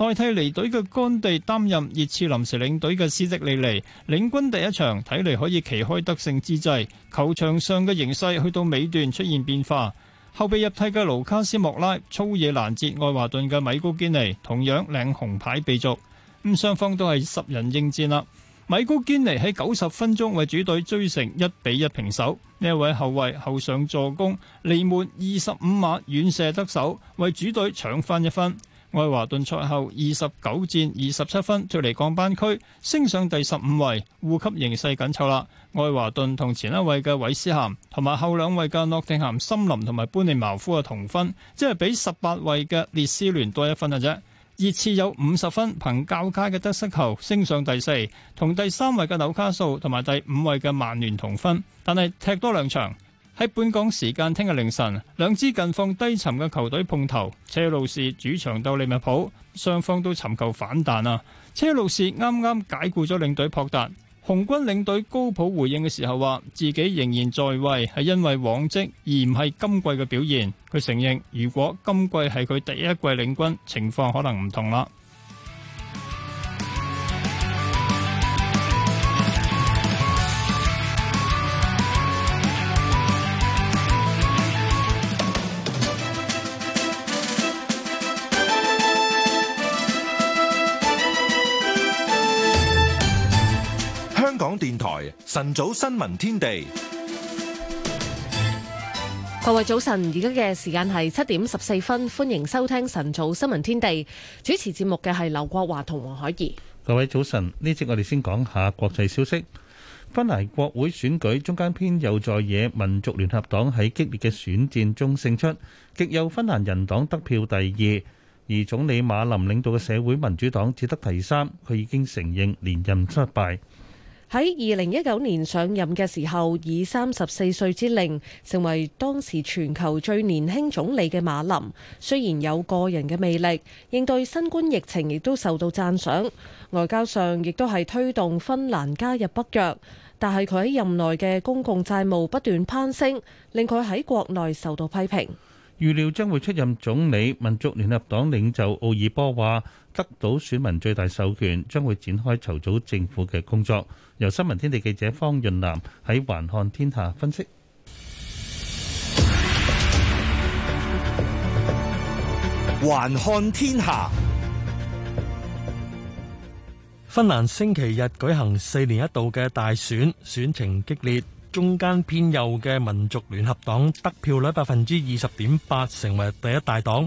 代替離隊嘅干地擔任熱刺臨時領隊嘅斯迪利尼，領軍第一場睇嚟可以旗開得勝之際。球場上嘅形勢去到尾段出現變化，後備入替嘅盧卡斯莫拉粗野攔截愛華頓嘅米高堅尼，同樣領紅牌被逐。咁雙方都係十人應戰啦。米高堅尼喺九十分鐘為主隊追成一比一平手，呢一位後衛後上助攻，離門二十五碼遠射得手，為主隊搶翻一分。愛華頓賽後二十九戰二十七分，脫離降班區，升上第十五位，護級形勢緊湊啦。愛華頓同前一位嘅韋斯咸，同埋後兩位嘅諾丁咸、森林同埋班尼茅夫嘅同分，即係比十八位嘅列斯聯多一分嘅啫。熱刺有五十分，憑較佳嘅得失球升上第四，同第三位嘅紐卡素同埋第五位嘅曼聯同分，但係踢多兩場。喺本港時間聽日凌晨，兩支近況低沉嘅球隊碰頭，車路士主場鬥利物浦，雙方都尋求反彈啊！車路士啱啱解僱咗領隊博達，紅軍領隊高普回應嘅時候話，自己仍然在位係因為往績而唔係今季嘅表現。佢承認，如果今季係佢第一季領軍，情況可能唔同啦。台晨早新聞天地，各位早晨，而家嘅時間係七點十四分，歡迎收聽晨早新聞天地。主持節目嘅係劉國華同黃海怡。各位早晨，呢節我哋先講下國際消息。芬蘭國會選舉中間偏右在野民族聯合黨喺激烈嘅選戰中勝出，極右芬蘭人黨得票第二，而總理馬林領導嘅社會民主黨只得第三，佢已經承認連任失敗。喺二零一九年上任嘅時候，以三十四歲之齡成為當時全球最年輕總理嘅馬林，雖然有個人嘅魅力，應對新冠疫情亦都受到讚賞，外交上亦都係推動芬蘭加入北約。但係佢喺任內嘅公共債務不斷攀升，令佢喺國內受到批評。預料將會出任總理，民族聯合黨領袖奧爾波話，得到選民最大授權，將會展開籌組政府嘅工作。由新聞天地記者方潤南喺《環看天下》分析。環看天下，芬蘭星期日舉行四年一度嘅大選，選情激烈，中間偏右嘅民族聯合黨得票率百分之二十點八，成為第一大黨。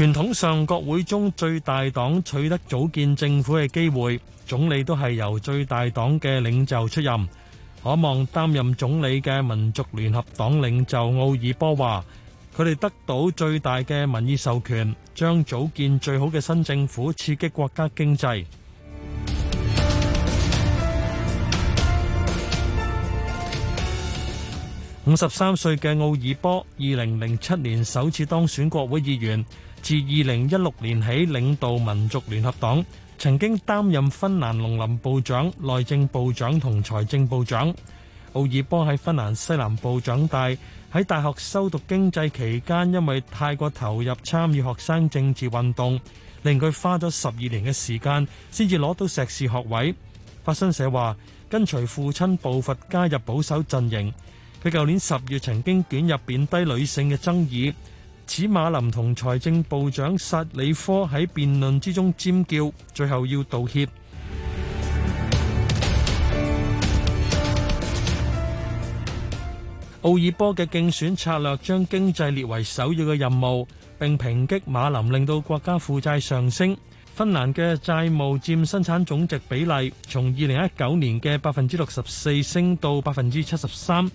傳統上，國會中最大黨取得組建政府嘅機會，總理都係由最大黨嘅領袖出任。可望擔任總理嘅民族聯合黨領袖奧爾波話，佢哋得到最大嘅民意授權，將組建最好嘅新政府，刺激國家經濟。五十三歲嘅奧爾波，二零零七年首次當選國會議員。自二零一六年起，領導民族聯合黨，曾經擔任芬蘭農林部長、內政部長同財政部長。奧爾波喺芬蘭西南部長大，喺大學修讀經濟期間，因為太過投入參與學生政治運動，令佢花咗十二年嘅時間先至攞到碩士學位。法新社話，跟隨父親步伐加入保守陣營，佢舊年十月曾經捲入貶低女性嘅爭議。此馬林同財政部長薩里科喺辯論之中尖叫，最後要道歉。奧爾波嘅競選策略將經濟列為首要嘅任務，並抨擊馬林令到國家負債上升。芬蘭嘅債務佔生產總值比例從二零一九年嘅百分之六十四升到百分之七十三。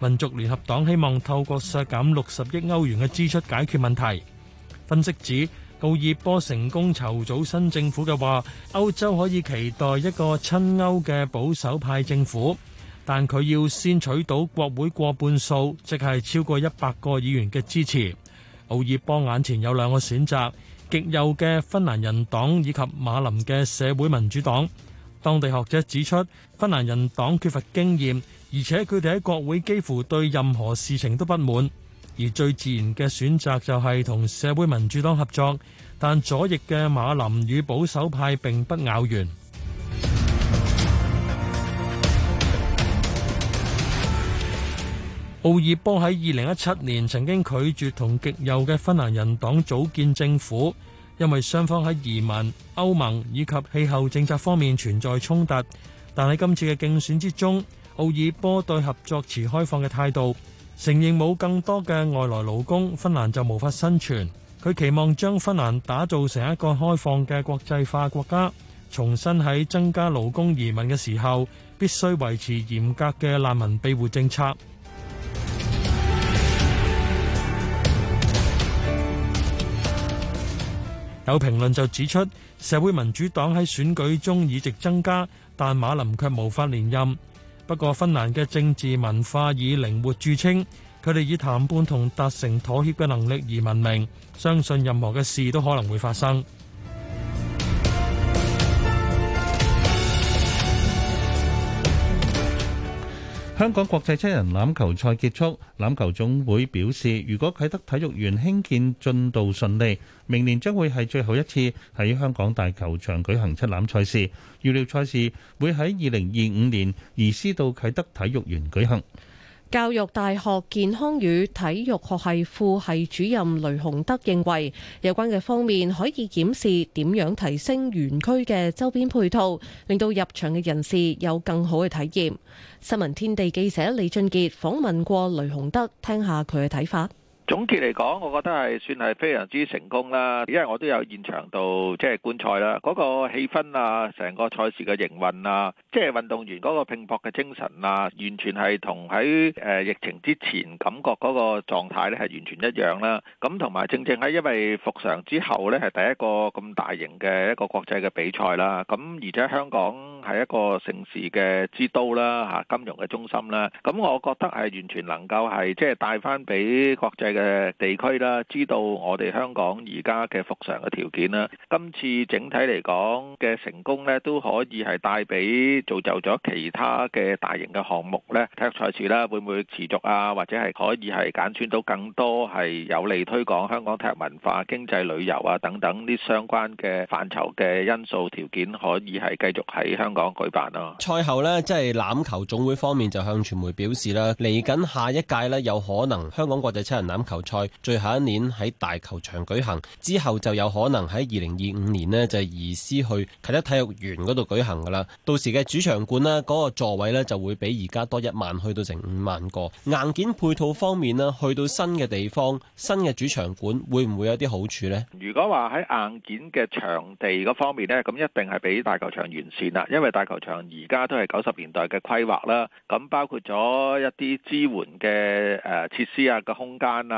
民族聯合黨希望透過削減六十億歐元嘅支出解決問題。分析指，奧爾波成功籌組新政府嘅話，歐洲可以期待一個親歐嘅保守派政府，但佢要先取到國會過半數，即係超過一百個議員嘅支持。奧爾波眼前有兩個選擇：極右嘅芬蘭人黨以及馬林嘅社會民主黨。當地學者指出，芬蘭人黨缺乏經驗，而且佢哋喺國會幾乎對任何事情都不滿。而最自然嘅選擇就係同社會民主黨合作，但左翼嘅馬林與保守派並不咬弦。奧爾波喺二零一七年曾經拒絕同極右嘅芬蘭人黨組建政府。因為雙方喺移民、歐盟以及氣候政策方面存在衝突，但喺今次嘅競選之中，奧爾波對合作持開放嘅態度，承認冇更多嘅外來勞工，芬蘭就無法生存。佢期望將芬蘭打造成一個開放嘅國際化國家，重申喺增加勞工移民嘅時候，必須維持嚴格嘅難民庇護政策。有評論就指出，社會民主黨喺選舉中議席增加，但馬林卻無法連任。不過，芬蘭嘅政治文化以靈活著稱，佢哋以談判同達成妥協嘅能力而聞名。相信任何嘅事都可能會發生。香港國際七人欖球賽結束，欖球總會表示，如果啟德體育園興建進度順利。明年將會係最後一次喺香港大球場舉行七欖賽事，預料賽事會喺二零二五年移師到啟德體育園舉行。教育大學健康與體育學系副系主任雷洪德認為，有關嘅方面可以檢視點樣提升園區嘅周邊配套，令到入場嘅人士有更好嘅體驗。新聞天地記者李俊傑訪問過雷洪德，聽下佢嘅睇法。總結嚟講，我覺得係算係非常之成功啦，因為我都有現場度即係觀賽啦。嗰個氣氛啊，成個賽事嘅營運啊，即係運動員嗰個拼搏嘅精神啊，完全係同喺誒疫情之前感覺嗰個狀態咧係完全一樣啦。咁同埋正正喺因為復常之後咧，係第一個咁大型嘅一個國際嘅比賽啦。咁而且香港係一個盛事嘅之都啦，吓金融嘅中心啦。咁我覺得係完全能夠係即係帶翻俾國際。嘅地區啦，知道我哋香港而家嘅復常嘅條件啦。今次整體嚟講嘅成功咧，都可以係帶俾造就咗其他嘅大型嘅項目咧，體育賽事啦，會唔會持續啊？或者係可以係揀選到更多係有利推廣香港體育文化、經濟旅遊啊等等啲相關嘅範疇嘅因素條件，可以係繼續喺香港舉辦咯。賽後咧，即係欖球總會方面就向傳媒表示啦，嚟緊下一屆咧，有可能香港國際七人欖球球賽最後一年喺大球場舉行之後就有可能喺二零二五年呢，就係移師去啟德體育園嗰度舉行噶啦，到時嘅主場館呢，嗰個座位呢，就會比而家多一萬，去到成五萬個。硬件配套方面呢，去到新嘅地方，新嘅主場館會唔會有啲好處呢？如果話喺硬件嘅場地嗰方面呢，咁一定係比大球場完善啦，因為大球場而家都係九十年代嘅規劃啦，咁包括咗一啲支援嘅誒設施啊、嘅空間啊。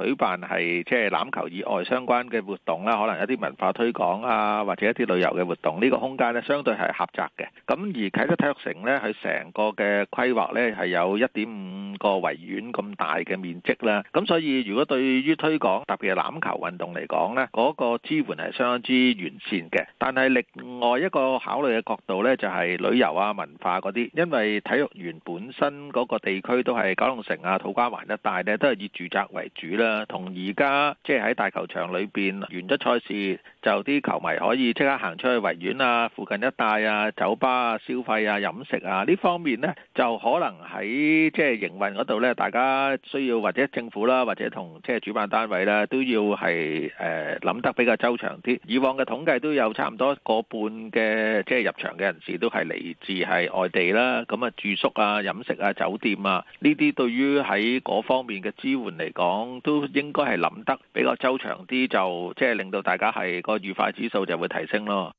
舉辦係即係籃球以外相關嘅活動啦，可能一啲文化推廣啊，或者一啲旅遊嘅活動，呢個空間咧相對係狹窄嘅。咁而啟德體育城咧，佢成個嘅規劃咧係有一點五個圍院咁大嘅面積啦。咁所以如果對於推廣特別係籃球運動嚟講咧，嗰個支援係相當之完善嘅。但係另外一個考慮嘅角度咧，就係旅遊啊、文化嗰啲，因為體育園本身嗰個地區都係九龍城啊、土瓜灣一帶咧，都係以住宅為主啦。誒，同而家即係喺大球場裏邊原則賽事。就啲球迷可以即刻行出去維園啊，附近一帶啊，酒吧啊，消費啊，飲食啊呢方面咧，就可能喺即係營運嗰度咧，大家需要或者政府啦，或者同即係主辦單位啦，都要係誒諗得比較周詳啲。以往嘅統計都有差唔多個半嘅，即係入場嘅人士都係嚟自係外地啦。咁啊，住宿啊、飲食啊、酒店啊呢啲，對於喺嗰方面嘅支援嚟講，都應該係諗得比較周詳啲，就即係令到大家係。個愉快指數就會提升咯。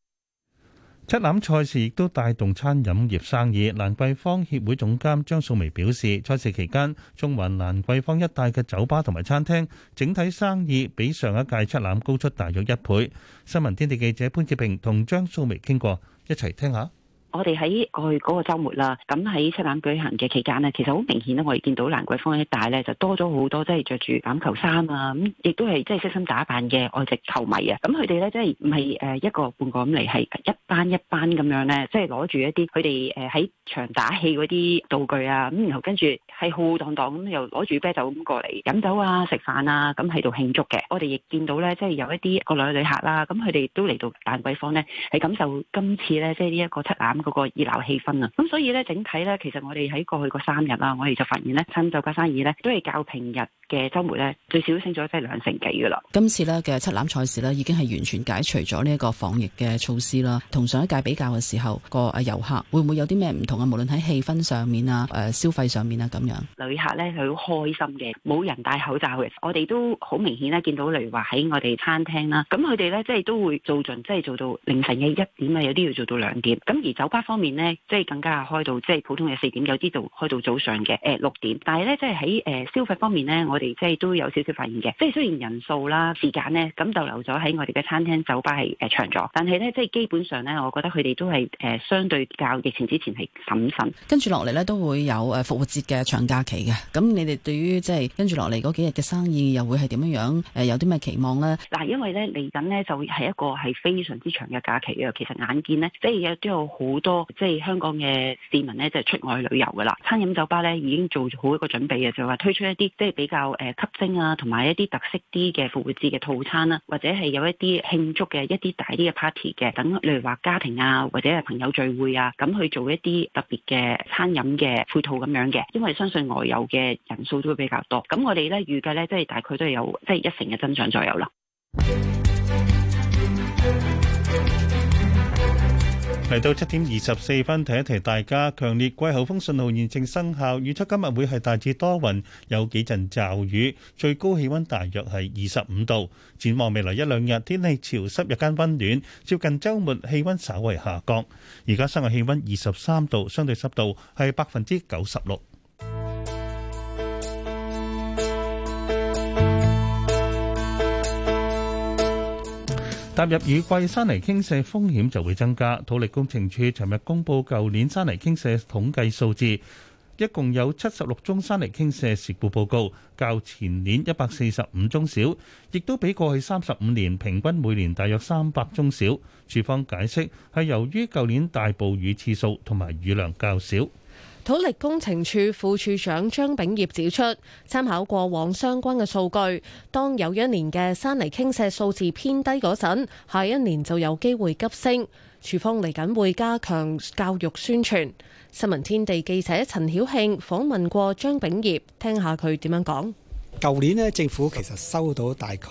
七欖賽事亦都帶動餐飲業生意。蘭桂坊協會總監張素梅表示，賽事期間中環蘭桂坊一帶嘅酒吧同埋餐廳整體生意比上一屆七欖高出大約一倍。新聞天地記者潘志平同張素梅傾過，一齊聽下。我哋喺過去嗰個週末啦，咁喺七欖舉行嘅期間呢，其實好明顯咧，我哋見到蘭桂坊一帶咧就多咗好多，即係着住欖球衫啊，咁亦都係即係悉心打扮嘅外籍球迷啊。咁佢哋咧即係唔係誒一個半個咁嚟，係一班一班咁樣咧，即係攞住一啲佢哋誒喺場打氣嗰啲道具啊，咁然後跟住係浩浩蕩蕩咁又攞住啤酒咁過嚟飲酒啊、食飯啊，咁喺度慶祝嘅。我哋亦見到咧，即係有一啲國內旅客啦，咁佢哋都嚟到蘭桂坊咧，係感受今次咧，即係呢一個七欖。嗰個熱鬧氣氛啊，咁所以呢，整體呢，其實我哋喺過去嗰三日啦，我哋就發現呢，新酒家生意呢，都係較平日嘅周末咧，最少升咗即係兩成幾噶啦。今次咧嘅七欖賽事咧，已經係完全解除咗呢一個防疫嘅措施啦。同上一屆比較嘅時候，個啊，遊客會唔會有啲咩唔同啊？無論喺氣氛上面啊，誒、呃、消費上面啊，咁樣旅客咧，佢好開心嘅，冇人戴口罩嘅。我哋都好明顯咧，見到例如話喺我哋餐廳啦，咁佢哋咧即係都會做盡，即係做到凌晨嘅一點啊，有啲要做到兩點。咁而酒吧方面咧，即係更加開到即係普通嘅四點，有啲就開到早上嘅誒六點。但係咧，即係喺誒消費方面咧，我即係都有少少發現嘅，即係雖然人數啦、時間呢，咁逗留咗喺我哋嘅餐廳、酒吧係誒長咗，但係呢，即係基本上呢，我覺得佢哋都係誒相對較疫情之前係審慎。跟住落嚟呢，都會有誒復活節嘅長假期嘅，咁你哋對於即係跟住落嚟嗰幾日嘅生意又會係點樣樣誒有啲咩期望呢？嗱，因為呢，嚟緊呢，就係一個係非常之長嘅假期啊，其實眼見呢，即係有都有好多即係香港嘅市民呢就出外旅遊噶啦，餐飲酒吧呢，已經做好一個準備嘅，就話推出一啲即係比較。誒、 <music> 嗯、吸精啊，同埋一啲特色啲嘅復活節嘅套餐啦、啊，或者係有一啲慶祝嘅一啲大啲嘅 party 嘅，等例如話家庭啊，或者係朋友聚會啊，咁去做一啲特別嘅餐飲嘅配套咁樣嘅，因為相信外遊嘅人數都會比較多，咁我哋咧預計咧即係大概都係有即係、就是、一成嘅增長左右啦。嚟到七點二十四分，提一提大家，強烈季候風信號現正生效，預測今日會係大致多雲，有幾陣驟雨，最高氣溫大約係二十五度。展望未來一兩日，天氣潮濕，日間溫暖，接近週末氣溫稍為下降。而家室外氣溫二十三度，相對濕度係百分之九十六。踏入雨季，山泥傾瀉風險就會增加。土力工程署尋日公布舊年山泥傾瀉統計數字，一共有七十六宗山泥傾瀉事故報告，較前年一百四十五宗少，亦都比過去三十五年平均每年大約三百宗少。署方解釋係由於舊年大暴雨次數同埋雨量較少。土力工程署副署長張炳業指出，參考過往相關嘅數據，當有一年嘅山泥傾瀉數字偏低嗰陣，下一年就有機會急升。署方嚟緊會加強教育宣傳。新聞天地記者陳曉慶訪問過張炳業，聽下佢點樣講。舊年咧，政府其實收到大概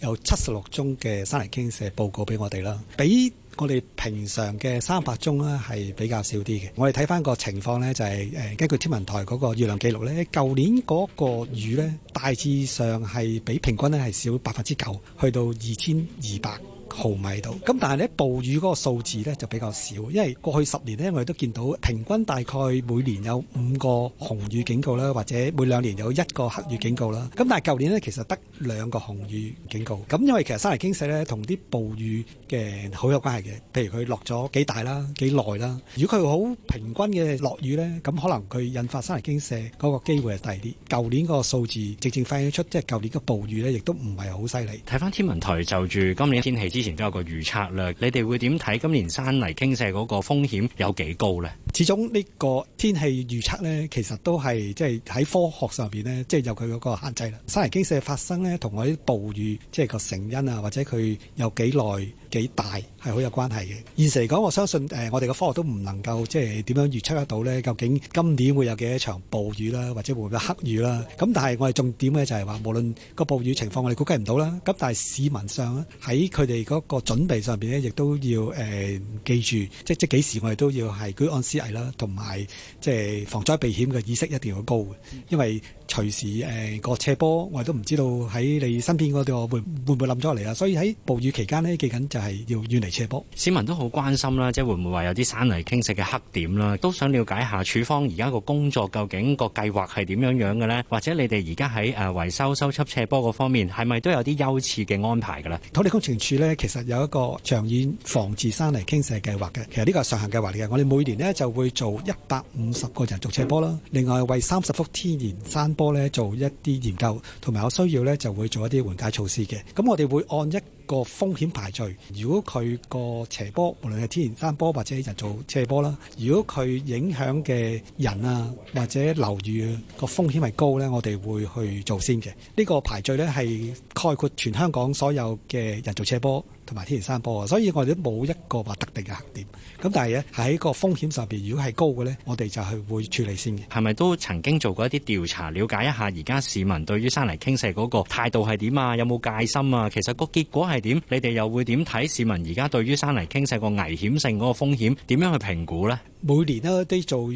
有七十六宗嘅山泥傾瀉報告俾我哋啦，比我哋平常嘅三百宗啦係比較少啲嘅。我哋睇返個情況咧，就係誒根據天文台嗰個月亮記錄咧，舊年嗰個雨咧大致上係比平均咧係少百分之九，去到二千二百毫米度，咁但係咧暴雨嗰個數字咧就比較少，因為過去十年咧，我哋都見到平均大概每年有五個紅雨警告啦，或者每兩年有一個黑雨警告啦。咁但係舊年咧其實得兩個紅雨警告，咁因為其實山泥傾瀉咧同啲暴雨嘅好有關係嘅，譬如佢落咗幾大啦、幾耐啦。如果佢好平均嘅落雨咧，咁可能佢引發山泥傾瀉嗰個機會係大啲。舊年嗰個數字直接反映出即係舊年嘅暴雨咧，亦都唔係好犀利。睇翻天文台就住今年天氣之前都有個預測啦，你哋會點睇今年山泥傾瀉嗰個風險有幾高呢？始終呢個天氣預測咧，其實都係即係喺科學上邊咧，即係有佢嗰個限制啦。山泥傾瀉發生咧，同我啲暴雨即係個成因啊，或者佢有幾耐幾大係好有關係嘅。現時嚟講，我相信誒我哋嘅科學都唔能夠即係點樣預測得到咧，究竟今年會有幾多場暴雨啦，或者會唔會黑雨啦？咁但係我哋重點咧就係話，無論個暴雨情況我哋估計唔到啦。咁但係市民上喺佢哋嗰個準備上邊咧，亦都要誒記住，即即幾時我哋都要係居安思。係啦，同埋即係防災避險嘅意識一定要高嘅，因為。隨時誒個、呃、斜坡，我哋都唔知道喺你身邊嗰個會唔會冧咗落嚟啦。所以喺暴雨期間呢，記緊就係要遠離斜坡。市民都好關心啦，即係會唔會話有啲山泥傾瀉嘅黑點啦？都想了解下署方而家個工作究竟個計劃係點樣樣嘅呢？或者你哋而家喺誒維修修葺斜坡嗰方面，係咪都有啲優次嘅安排㗎咧？土地工程署呢，其實有一個長遠防治山泥傾瀉計劃嘅。其實呢個係上限計劃嚟嘅。我哋每年呢就會做一百五十個人造斜坡啦。另外為三十幅天然山。波呢做一啲研究，同埋有需要呢就會做一啲緩解措施嘅。咁我哋會按一個風險排序。如果佢個斜坡，無論係天然山坡或者人造斜坡啦，如果佢影響嘅人啊或者樓宇個風險係高呢，我哋會去做先嘅。呢個排序呢，係概括全香港所有嘅人造斜坡。同埋天然山坡啊，所以我哋都冇一個話特定嘅黑點。咁但係，咧喺個風險上邊，如果係高嘅咧，我哋就係會處理先嘅。係咪都曾經做過一啲調查，了解一下而家市民對於山泥傾瀉嗰個態度係點啊？有冇戒心啊？其實個結果係點，你哋又會點睇市民而家對於山泥傾瀉個危險性嗰個風險點樣去評估咧？每年呢都做誒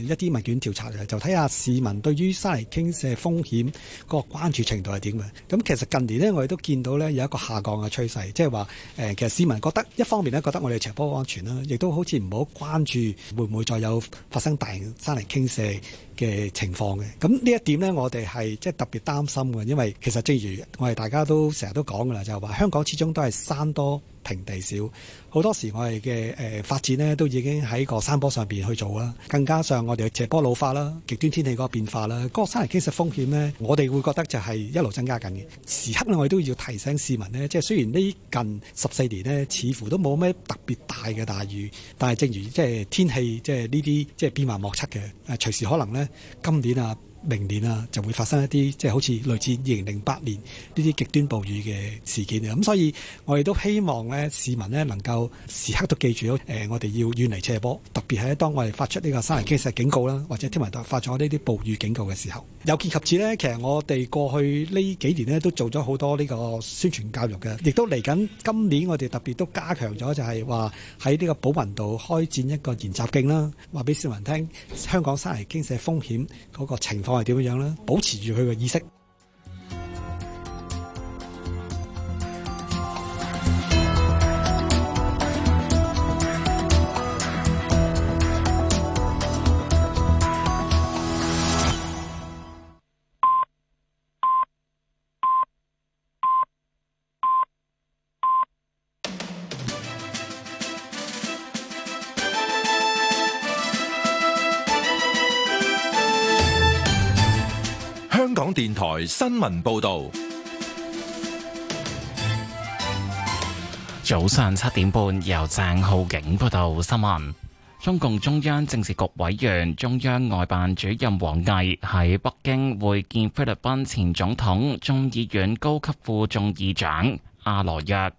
一啲問卷調查嘅，就睇下市民對於山泥傾瀉風險嗰個關注程度係點嘅。咁其實近年呢，我哋都見到呢有一個下降嘅趨勢，即係話誒，其實市民覺得一方面呢，覺得我哋斜坡安全啦，亦都好似唔好關注會唔會再有發生大型山泥傾瀉嘅情況嘅。咁呢一點呢，我哋係即係特別擔心嘅，因為其實正如我哋大家都成日都講㗎啦，就係話香港始終都係山多。平地少，好多時我哋嘅誒發展呢都已經喺個山坡上面去做啦。更加上我哋嘅斜坡老化啦、極端天氣嗰個變化啦，各、那個、山系經濟風險呢，我哋會覺得就係一路增加緊嘅。時刻我哋都要提醒市民呢，即係雖然呢近十四年呢似乎都冇咩特別大嘅大雨，但係正如即係天氣即係呢啲即係變幻莫測嘅，隨時可能呢今年啊。明年啦，就會發生一啲即係好似類似二零零八年呢啲極端暴雨嘅事件嘅，咁所以我哋都希望咧市民咧能夠時刻都記住咯，誒，我哋要遠離斜坡，特別係當我哋發出呢個山泥傾瀉警告啦，或者天文台發咗呢啲暴雨警告嘅時候。有見及此咧，其實我哋過去呢幾年咧都做咗好多呢個宣傳教育嘅，亦都嚟緊今年我哋特別都加強咗，就係話喺呢個寶雲道開展一個研習徑啦，話俾市民聽香港山泥傾瀉風險嗰個情況。係點樣樣咧？保持住佢嘅意識。香港電台新聞報道，早上七點半由鄭浩景報道新聞。中共中央政治局委員、中央外辦主任王毅喺北京會見菲律賓前總統、眾議院高級副眾議長阿羅約。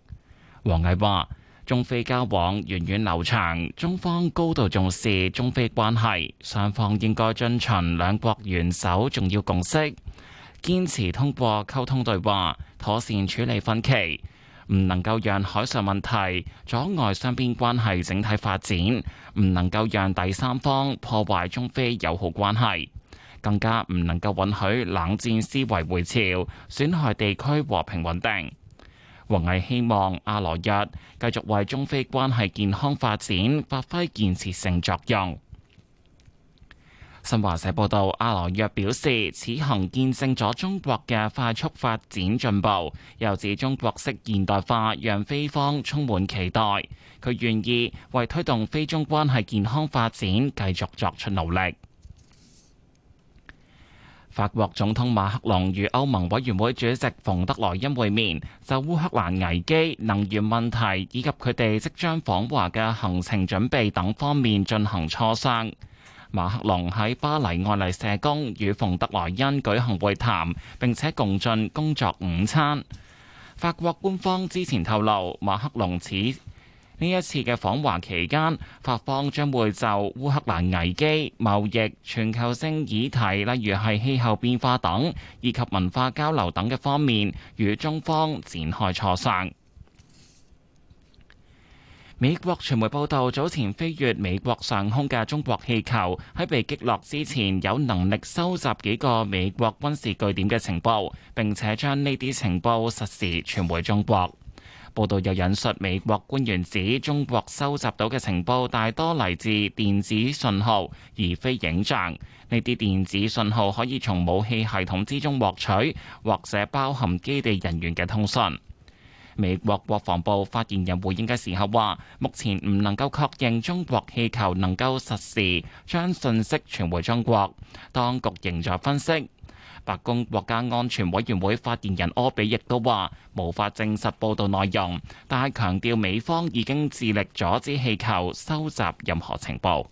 王毅話。中非交往源遠流長，中方高度重視中非關係，雙方應該遵循兩國元首重要共識，堅持通過溝通對話妥善處理分歧，唔能夠讓海上問題阻礙雙邊關係整體發展，唔能夠讓第三方破壞中非友好關係，更加唔能夠允許冷戰思維回潮，損害地區和平穩定。王毅希望阿羅約繼續為中非關係健康發展發揮建設性作用。新華社報道，阿羅約表示，此行見證咗中國嘅快速發展進步，又指中國式現代化讓菲方充滿期待。佢願意為推動非中關係健康發展繼續作出努力。法國總統馬克龍與歐盟委員會主席馮德萊恩會面，就烏克蘭危機、能源問題以及佢哋即將訪華嘅行程準備等方面進行磋商。馬克龍喺巴黎愛麗舍宮與馮德萊恩舉行會談，並且共進工作午餐。法國官方之前透露，馬克龍此。呢一次嘅訪華期間，法方將會就烏克蘭危機、貿易、全球性議題，例如係氣候變化等，以及文化交流等嘅方面，與中方展開磋商。美國傳媒報道，早前飛越美國上空嘅中國氣球喺被擊落之前，有能力收集幾個美國軍事據點嘅情報，並且將呢啲情報實時傳回中國。報道又引述美國官員指，中國收集到嘅情報大多嚟自電子信號，而非影像。呢啲電子信號可以從武器系統之中獲取，或者包含基地人員嘅通訊。美國國防部發言人回應嘅時候話，目前唔能夠確認中國氣球能夠實時將信息傳回中國，當局仍在分析。白宮國家安全委員會發言人柯比亦都話，無法證實報道內容，但係強調美方已經致力阻止氣球收集任何情報。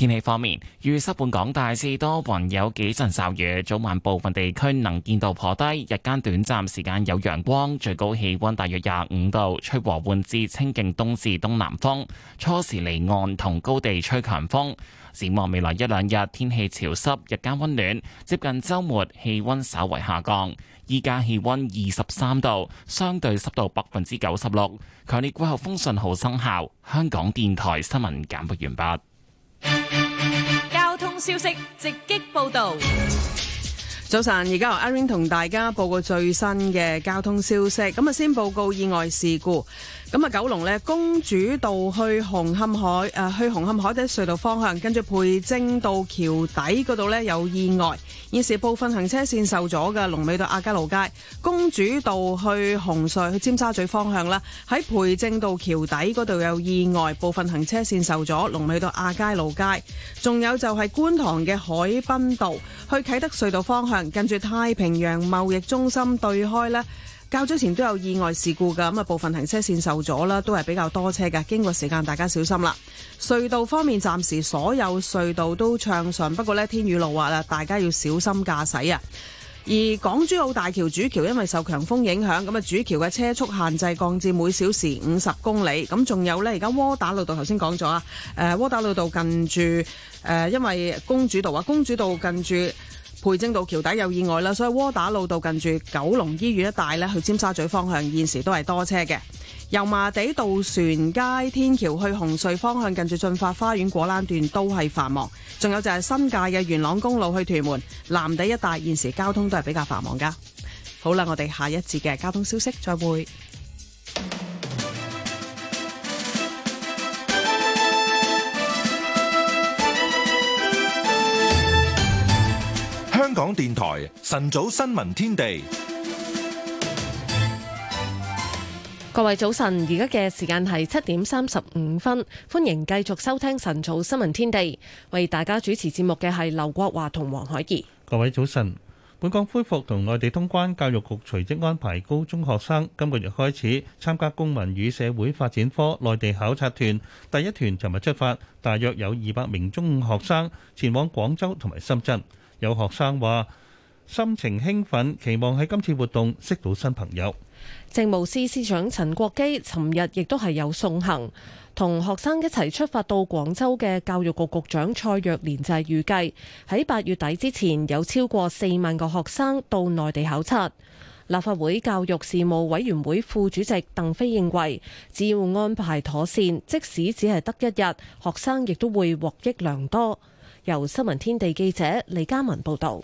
天氣方面，預料本港大致多雲，有幾陣驟雨。早晚部分地區能見度頗低，日間短暫時間有陽光，最高氣温大約廿五度，吹和緩至清勁東至東南風。初時離岸同高地吹強風。展望未來一兩日天氣潮濕，日間温暖，接近周末氣温稍為下降。依家氣温二十三度，相對濕度百分之九十六，強烈季候風信號生效。香港電台新聞簡報完畢。交通消息直擊報道。早晨，而家由阿 Ring 同大家報告最新嘅交通消息。咁啊，先報告意外事故。咁啊，九龍咧，公主道去紅磡海誒、啊，去紅磡海底隧道方向，跟住培正道橋底嗰度咧有意外，現時部分行車線受阻嘅，龍尾到亞皆老街。公主道去紅隧，去尖沙咀方向啦，喺培正道橋底嗰度有意外，部分行車線受阻，龍尾到亞皆老街。仲有就係觀塘嘅海濱道去啟德隧道方向，跟住太平洋貿易中心對開呢。較早前都有意外事故嘅，咁啊部分行車線受阻啦，都係比較多車嘅。經過時間，大家小心啦。隧道方面，暫時所有隧道都暢順，不過呢，天雨路滑啊，大家要小心駕駛啊。而港珠澳大橋主橋因為受強風影響，咁啊主橋嘅車速限制降至每小時五十公里。咁仲有呢，而家窩打路道頭先講咗啊，誒窩打路道近住誒，因為公主道啊，公主道近住。培正道橋底有意外啦，所以窩打老道近住九龍醫院一帶咧，去尖沙咀方向現時都係多車嘅。油麻地渡船街天橋去紅隧方向，近住駿發花園果欄段都係繁忙。仲有就係新界嘅元朗公路去屯門藍地一帶，現時交通都係比較繁忙噶。好啦，我哋下一節嘅交通消息再會。香港電台晨早新聞天地，各位早晨，而家嘅時間係七點三十五分，歡迎繼續收聽晨早新聞天地。為大家主持節目嘅係劉國華同黃海怡。各位早晨，本港恢復同內地通關，教育局隨即安排高中學生今個月開始參加公民與社會發展科內地考察團，第一團尋日出發，大約有二百名中五學生前往廣州同埋深圳。有學生話心情興奮，期望喺今次活動識到新朋友。政務司司長陳國基尋日亦都係有送行，同學生一齊出發到廣州嘅教育局局長蔡若蓮，就係預計喺八月底之前有超過四萬個學生到內地考察。立法會教育事務委員會副主席鄧飛認為，只要安排妥善，即使只係得一日，學生亦都會獲益良多。由新聞天地記者李嘉文報道，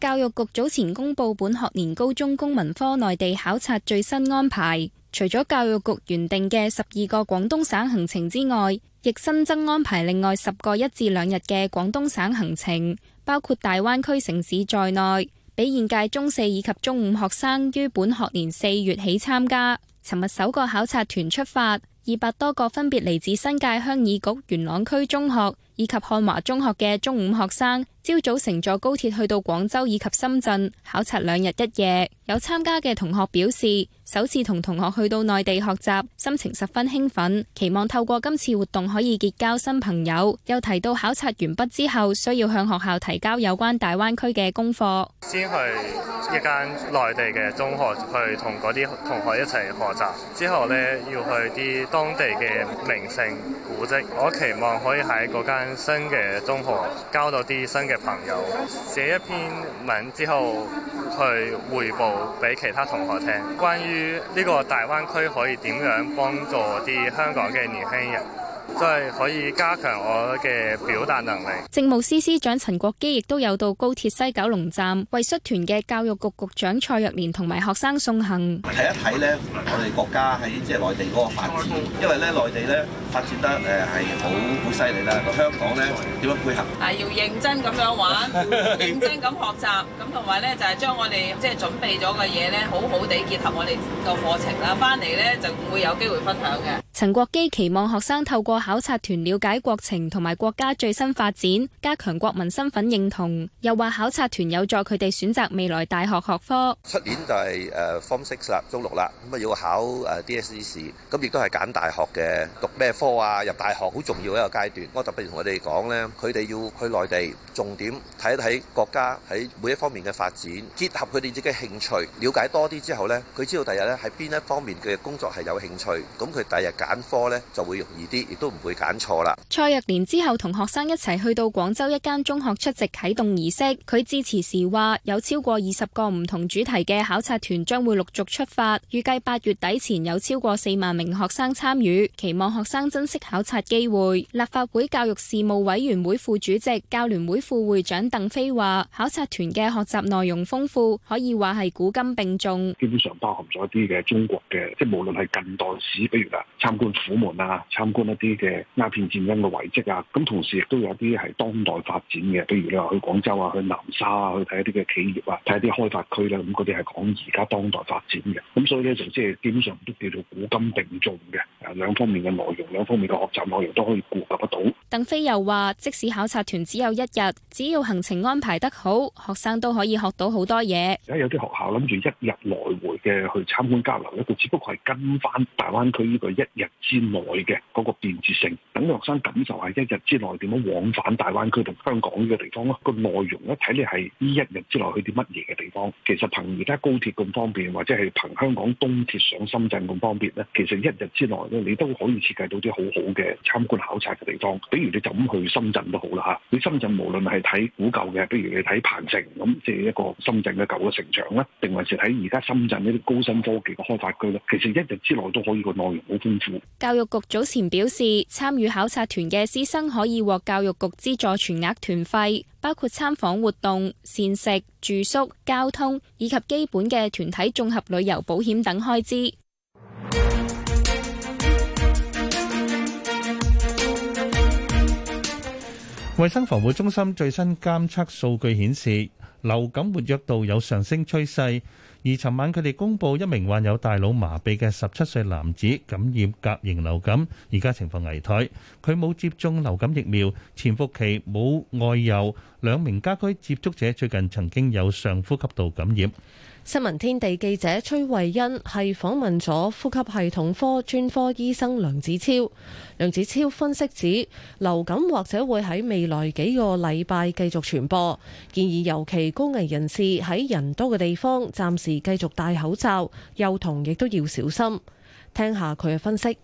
教育局早前公布本學年高中公民科內地考察最新安排，除咗教育局原定嘅十二個廣東省行程之外，亦新增安排另外十個一至兩日嘅廣東省行程，包括大灣區城市在內，俾現屆中四以及中五學生於本學年四月起參加。尋日首個考察團出發，二百多個分別嚟自新界鄉議局元朗區中學，以及漢華中學嘅中五學生，朝早乘坐高鐵去到廣州以及深圳考察兩日一夜，有參加嘅同學表示。首次同同學去到內地學習心情十分興奮，期望透過今次活動可以結交新朋友。又提到考察完畢之後需要向學校提交有關大灣區嘅功課，先去一間內地嘅中學去同啲同學一齊學習，之後咧要去啲當地嘅名勝古蹟，我期望可以喺間新嘅中學交到啲新嘅朋友，寫一篇文之後去匯報俾其他同學聽關於。呢個大灣區可以點樣幫助啲香港嘅年輕人？即係可以加強我嘅表達能力。政務司司長陳國基亦都有到高鐵西九龍站為率團嘅教育局局長蔡若蓮同埋學生送行。睇一睇咧，我哋國家喺即係內地嗰個發展，因為咧內地咧發展得誒係好好犀利啦。個香港咧點樣配合？啊，要認真咁樣玩， <laughs> 認真咁學習，咁同埋咧就係將我哋即係準備咗嘅嘢咧，好好地結合我哋個課程啦。翻嚟咧就會有機會分享嘅。陳國基期望學生透過考察團了解國情同埋國家最新發展，加強國民身份認同。又話考察團有助佢哋選擇未來大學學科。出年就係誒，Form Six 中六啦，咁啊要考誒 DSE 試，咁亦都係揀大學嘅，讀咩科啊？入大學好重要一個階段。我特別同佢哋講咧，佢哋要去內地，重點睇一睇國家喺每一方面嘅發展，結合佢哋自己興趣，了解多啲之後咧，佢知道第日咧喺邊一方面嘅工作係有興趣，咁佢第日揀。揀科呢就會容易啲，亦都唔會揀錯啦。蔡若蓮之後同學生一齊去到廣州一間中學出席啟動儀式，佢致辭時話：有超過二十個唔同主題嘅考察團將會陸續出發，預計八月底前有超過四萬名學生參與，期望學生珍惜考察機會。立法會教育事務委員會副主席、教聯會副會長鄧飛話：考察團嘅學習內容豐富，可以話係古今並重，基本上包含咗一啲嘅中國嘅，即係無論係近代史，比如啊參觀虎門啊，參觀一啲嘅鴉片戰爭嘅遺蹟啊，咁同時亦都有啲係當代發展嘅，譬如你話去廣州啊，去南沙啊，去睇一啲嘅企業啊，睇一啲開發區啦，咁嗰啲係講而家當代發展嘅，咁所以咧就即係基本上都叫做古今並重嘅，兩方面嘅內容，兩方面嘅學習內容都可以顧及得到。鄧飛又話：即使考察團只有一日，只要行程安排得好，學生都可以學到好多嘢。而家有啲學校諗住一日來回嘅去參觀交流咧，佢只不過係跟翻大灣區呢個一日之內嘅嗰個便捷性，等學生感受下一日之內點樣往返大灣區同香港呢個地方咯。個內容咧睇你係呢一日之內去啲乜嘢嘅地方。其實憑而家高鐵咁方便，或者係憑香港東鐵上深圳咁方便咧，其實一日之內咧你都可以設計到啲好好嘅參觀考察嘅地方。比如你就咁去深圳都好啦嚇，你深圳無論係睇古舊嘅，比如你睇鵬城咁，即係一個深圳嘅舊嘅城牆啦，定還是睇而家深圳呢啲高新科技嘅開發區啦。其實一日之內都可以個內容好豐富。教育局早前表示，參與考察團嘅師生可以獲教育局資助全額團費，包括參訪活動、膳食、住宿、交通以及基本嘅團體綜合旅遊保險等開支。衛生防護中心最新監測數據顯示，流感活躍度有上升趨勢。而尋晚佢哋公布一名患有大腦麻痹嘅十七歲男子感染甲型流感，而家情況危殆。佢冇接種流感疫苗，潛伏期冇外遊。兩名家居接觸者最近曾經有上呼吸道感染。新聞天地記者崔慧欣係訪問咗呼吸系統科專科醫生梁子超。梁子超分析指，流感或者會喺未來幾個禮拜繼續傳播，建議尤其高危人士喺人多嘅地方暫時繼續戴口罩，幼童亦都要小心。聽下佢嘅分析。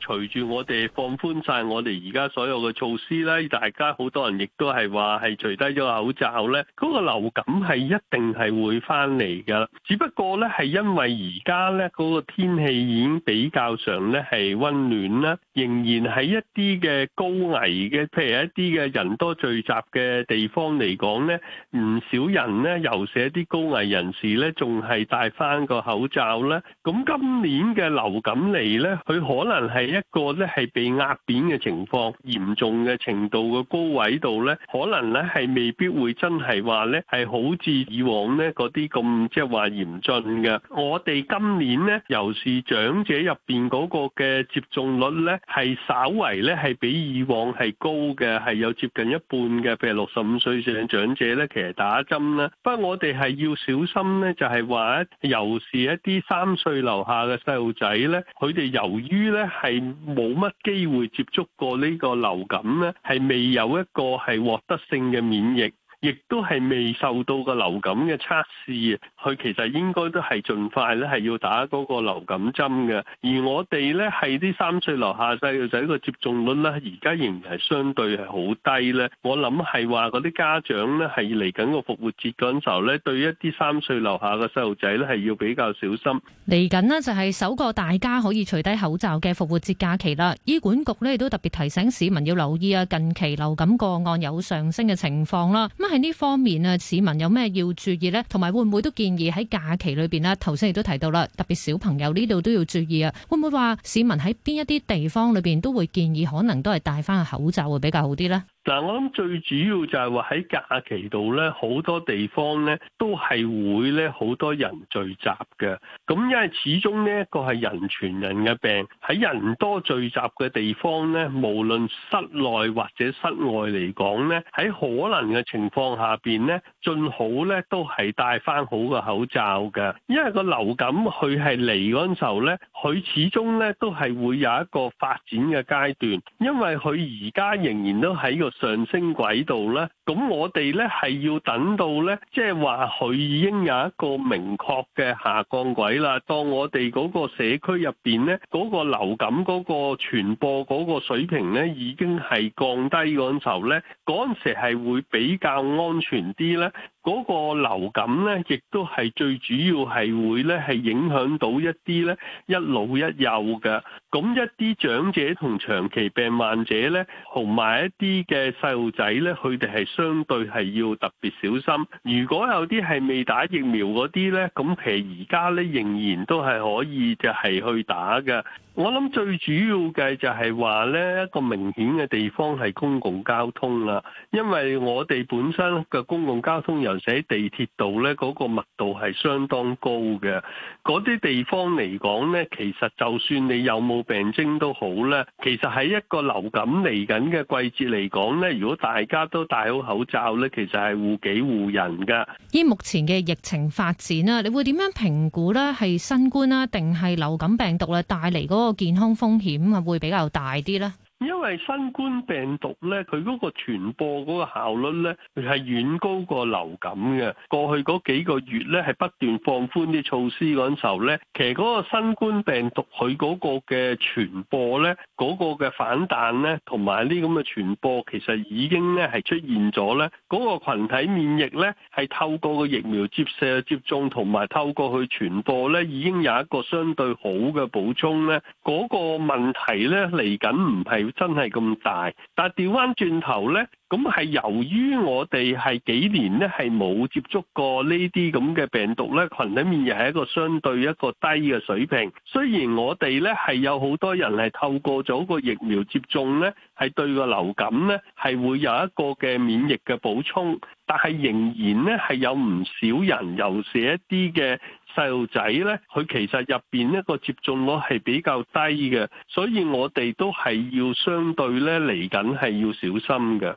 隨住我哋放寬晒我哋而家所有嘅措施咧，大家好多人亦都係話係除低咗口罩咧。嗰個流感係一定係會翻嚟噶，只不過咧係因為而家咧嗰個天氣已經比較上咧係温暖啦，仍然喺一啲嘅高危嘅，譬如一啲嘅人多聚集嘅地方嚟講咧，唔少人咧，尤其是啲高危人士咧，仲係戴翻個口罩咧。咁今年嘅流感嚟咧，佢可能係。一個咧係被壓扁嘅情況，嚴重嘅程度嘅高位度咧，可能咧係未必會真係話咧係好似以往咧嗰啲咁即係話嚴峻嘅。我哋今年咧，由是長者入邊嗰個嘅接種率咧，係稍為咧係比以往係高嘅，係有接近一半嘅，譬如六十五歲以上長者咧，其實打針啦。不過我哋係要小心咧，就係話由是一啲三歲樓下嘅細路仔咧，佢哋由於咧係。冇乜機會接觸過呢個流感呢，係未有一個係獲得性嘅免疫。亦都係未受到個流感嘅測試，佢其實應該都係盡快咧，係要打嗰個流感針嘅。而我哋咧係啲三歲樓下細路仔個接種率咧，而家仍然係相對係好低咧。我諗係話嗰啲家長咧係嚟緊個復活節嗰陣時候咧，對一啲三歲樓下嘅細路仔咧係要比較小心。嚟緊咧就係首個大家可以除低口罩嘅復活節假期啦。醫管局咧亦都特別提醒市民要留意啊，近期流感個案有上升嘅情況啦。乜？喺呢方面啊，市民有咩要注意咧？同埋會唔會都建議喺假期裏邊啦，頭先亦都提到啦，特別小朋友呢度都要注意啊！會唔會話市民喺邊一啲地方裏邊都會建議，可能都係戴翻個口罩會比較好啲咧？嗱，我諗最主要就係話喺假期度咧，好多地方咧都係會咧好多人聚集嘅。咁因為始終呢一個係人傳人嘅病，喺人多聚集嘅地方咧，無論室內或者室外嚟講咧，喺可能嘅情況下邊咧，最好咧都係戴翻好個口罩嘅。因為個流感佢係嚟嗰陣時候咧，佢始終咧都係會有一個發展嘅階段，因為佢而家仍然都喺個。上升軌道咧，咁我哋咧係要等到咧，即係話佢已經有一個明確嘅下降軌啦。當我哋嗰個社區入邊咧，嗰個流感嗰個傳播嗰個水平咧，已經係降低嗰陣時候咧，嗰陣時係會比較安全啲咧。嗰個流感咧，亦都係最主要係會咧係影響到一啲咧一老一幼嘅。咁一啲長者同長期病患者咧，同埋一啲嘅。嘅細路仔咧，佢哋係相對係要特別小心。如果有啲係未打疫苗嗰啲咧，咁其實而家咧仍然都係可以就係去打嘅。我諗最主要嘅就係話呢一個明顯嘅地方係公共交通啦，因為我哋本身嘅公共交通尤其喺地鐵度呢，嗰個密度係相當高嘅。嗰啲地方嚟講呢，其實就算你有冇病徵都好呢，其實喺一個流感嚟緊嘅季節嚟講呢，如果大家都戴好口罩呢，其實係護己護人㗎。以目前嘅疫情發展啊，你會點樣評估呢？係新冠啊，定係流感病毒咧帶嚟嗰個？健康風險啊，會比較大啲啦。因為新冠病毒咧，佢嗰個傳播嗰個效率咧係遠高過流感嘅。過去嗰幾個月咧，係不斷放寬啲措施嗰陣時候咧，其實嗰個新冠病毒佢嗰個嘅傳播咧，嗰個嘅反彈咧，同埋呢咁嘅傳播，其實已經咧係出現咗咧。嗰個群體免疫咧，係透過個疫苗注射接種，同埋透過去傳播咧，已經有一個相對好嘅補充咧。嗰個問題咧嚟緊唔係？真係咁大，但係調翻轉頭咧，咁係由於我哋係幾年咧係冇接觸過呢啲咁嘅病毒咧，群體免疫係一個相對一個低嘅水平。雖然我哋咧係有好多人係透過咗個疫苗接種咧，係對個流感咧係會有一個嘅免疫嘅補充，但係仍然咧係有唔少人又是一啲嘅。細路仔咧，佢其實入邊一個接種率係比較低嘅，所以我哋都係要相對咧嚟緊係要小心嘅。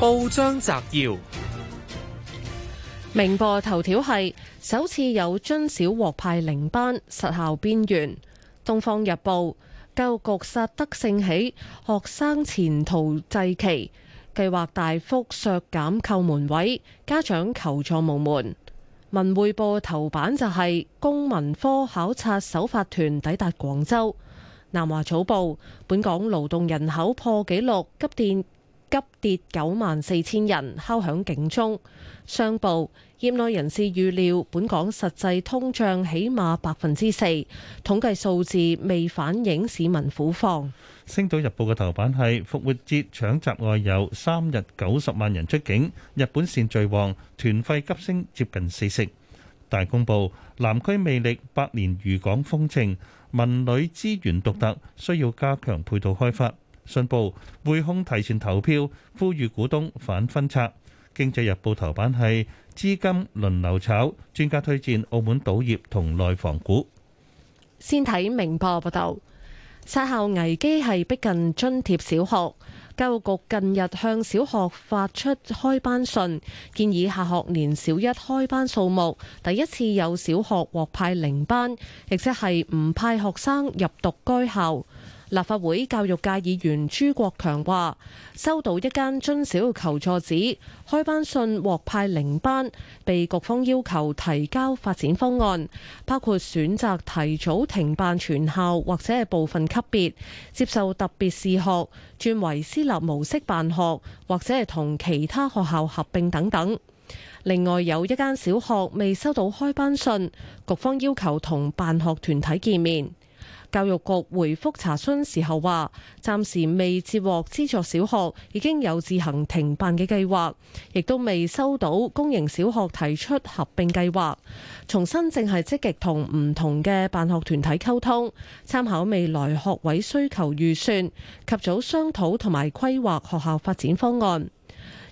報章摘要：明報頭條係首次有津小獲派零班，實校邊緣。東方日報教育局殺得盛起，學生前途際期，計劃大幅削減叩門位，家長求助無門。文匯報頭版就係公民科考察首發團抵達廣州。南華早報本港勞動人口破紀錄，急電。急跌九萬四千人，敲響警鐘。商報業內人士預料，本港實際通脹起碼百分之四。統計數字未反映市民苦況。星島日報嘅頭版係復活節搶集外遊，三日九十萬人出境，日本線最旺，團費急升接近四成。大公報南區魅力百年漁港風情，文旅資源獨特，需要加強配套開發。信報匯控提前投票，呼籲股東反分拆。經濟日報頭版係資金輪流炒，專家推薦澳門賭業同內房股。先睇明報報道：殺校危機係逼近津貼小學，教育局近日向小學發出開班信，建議下學年小一開班數目，第一次有小學獲派零班，亦即係唔派學生入讀該校。立法會教育界議員朱國強話：收到一間津小求助指，開班信獲派零班，被局方要求提交發展方案，包括選擇提早停辦全校或者係部分級別，接受特別試學，轉為私立模式辦學，或者係同其他學校合併等等。另外有一間小學未收到開班信，局方要求同辦學團體見面。教育局回覆查詢時候話，暫時未接獲資助小學已經有自行停辦嘅計劃，亦都未收到公營小學提出合併計劃。重新正係積極同唔同嘅辦學團體溝通，參考未來學位需求預算，及早商討同埋規劃學校發展方案。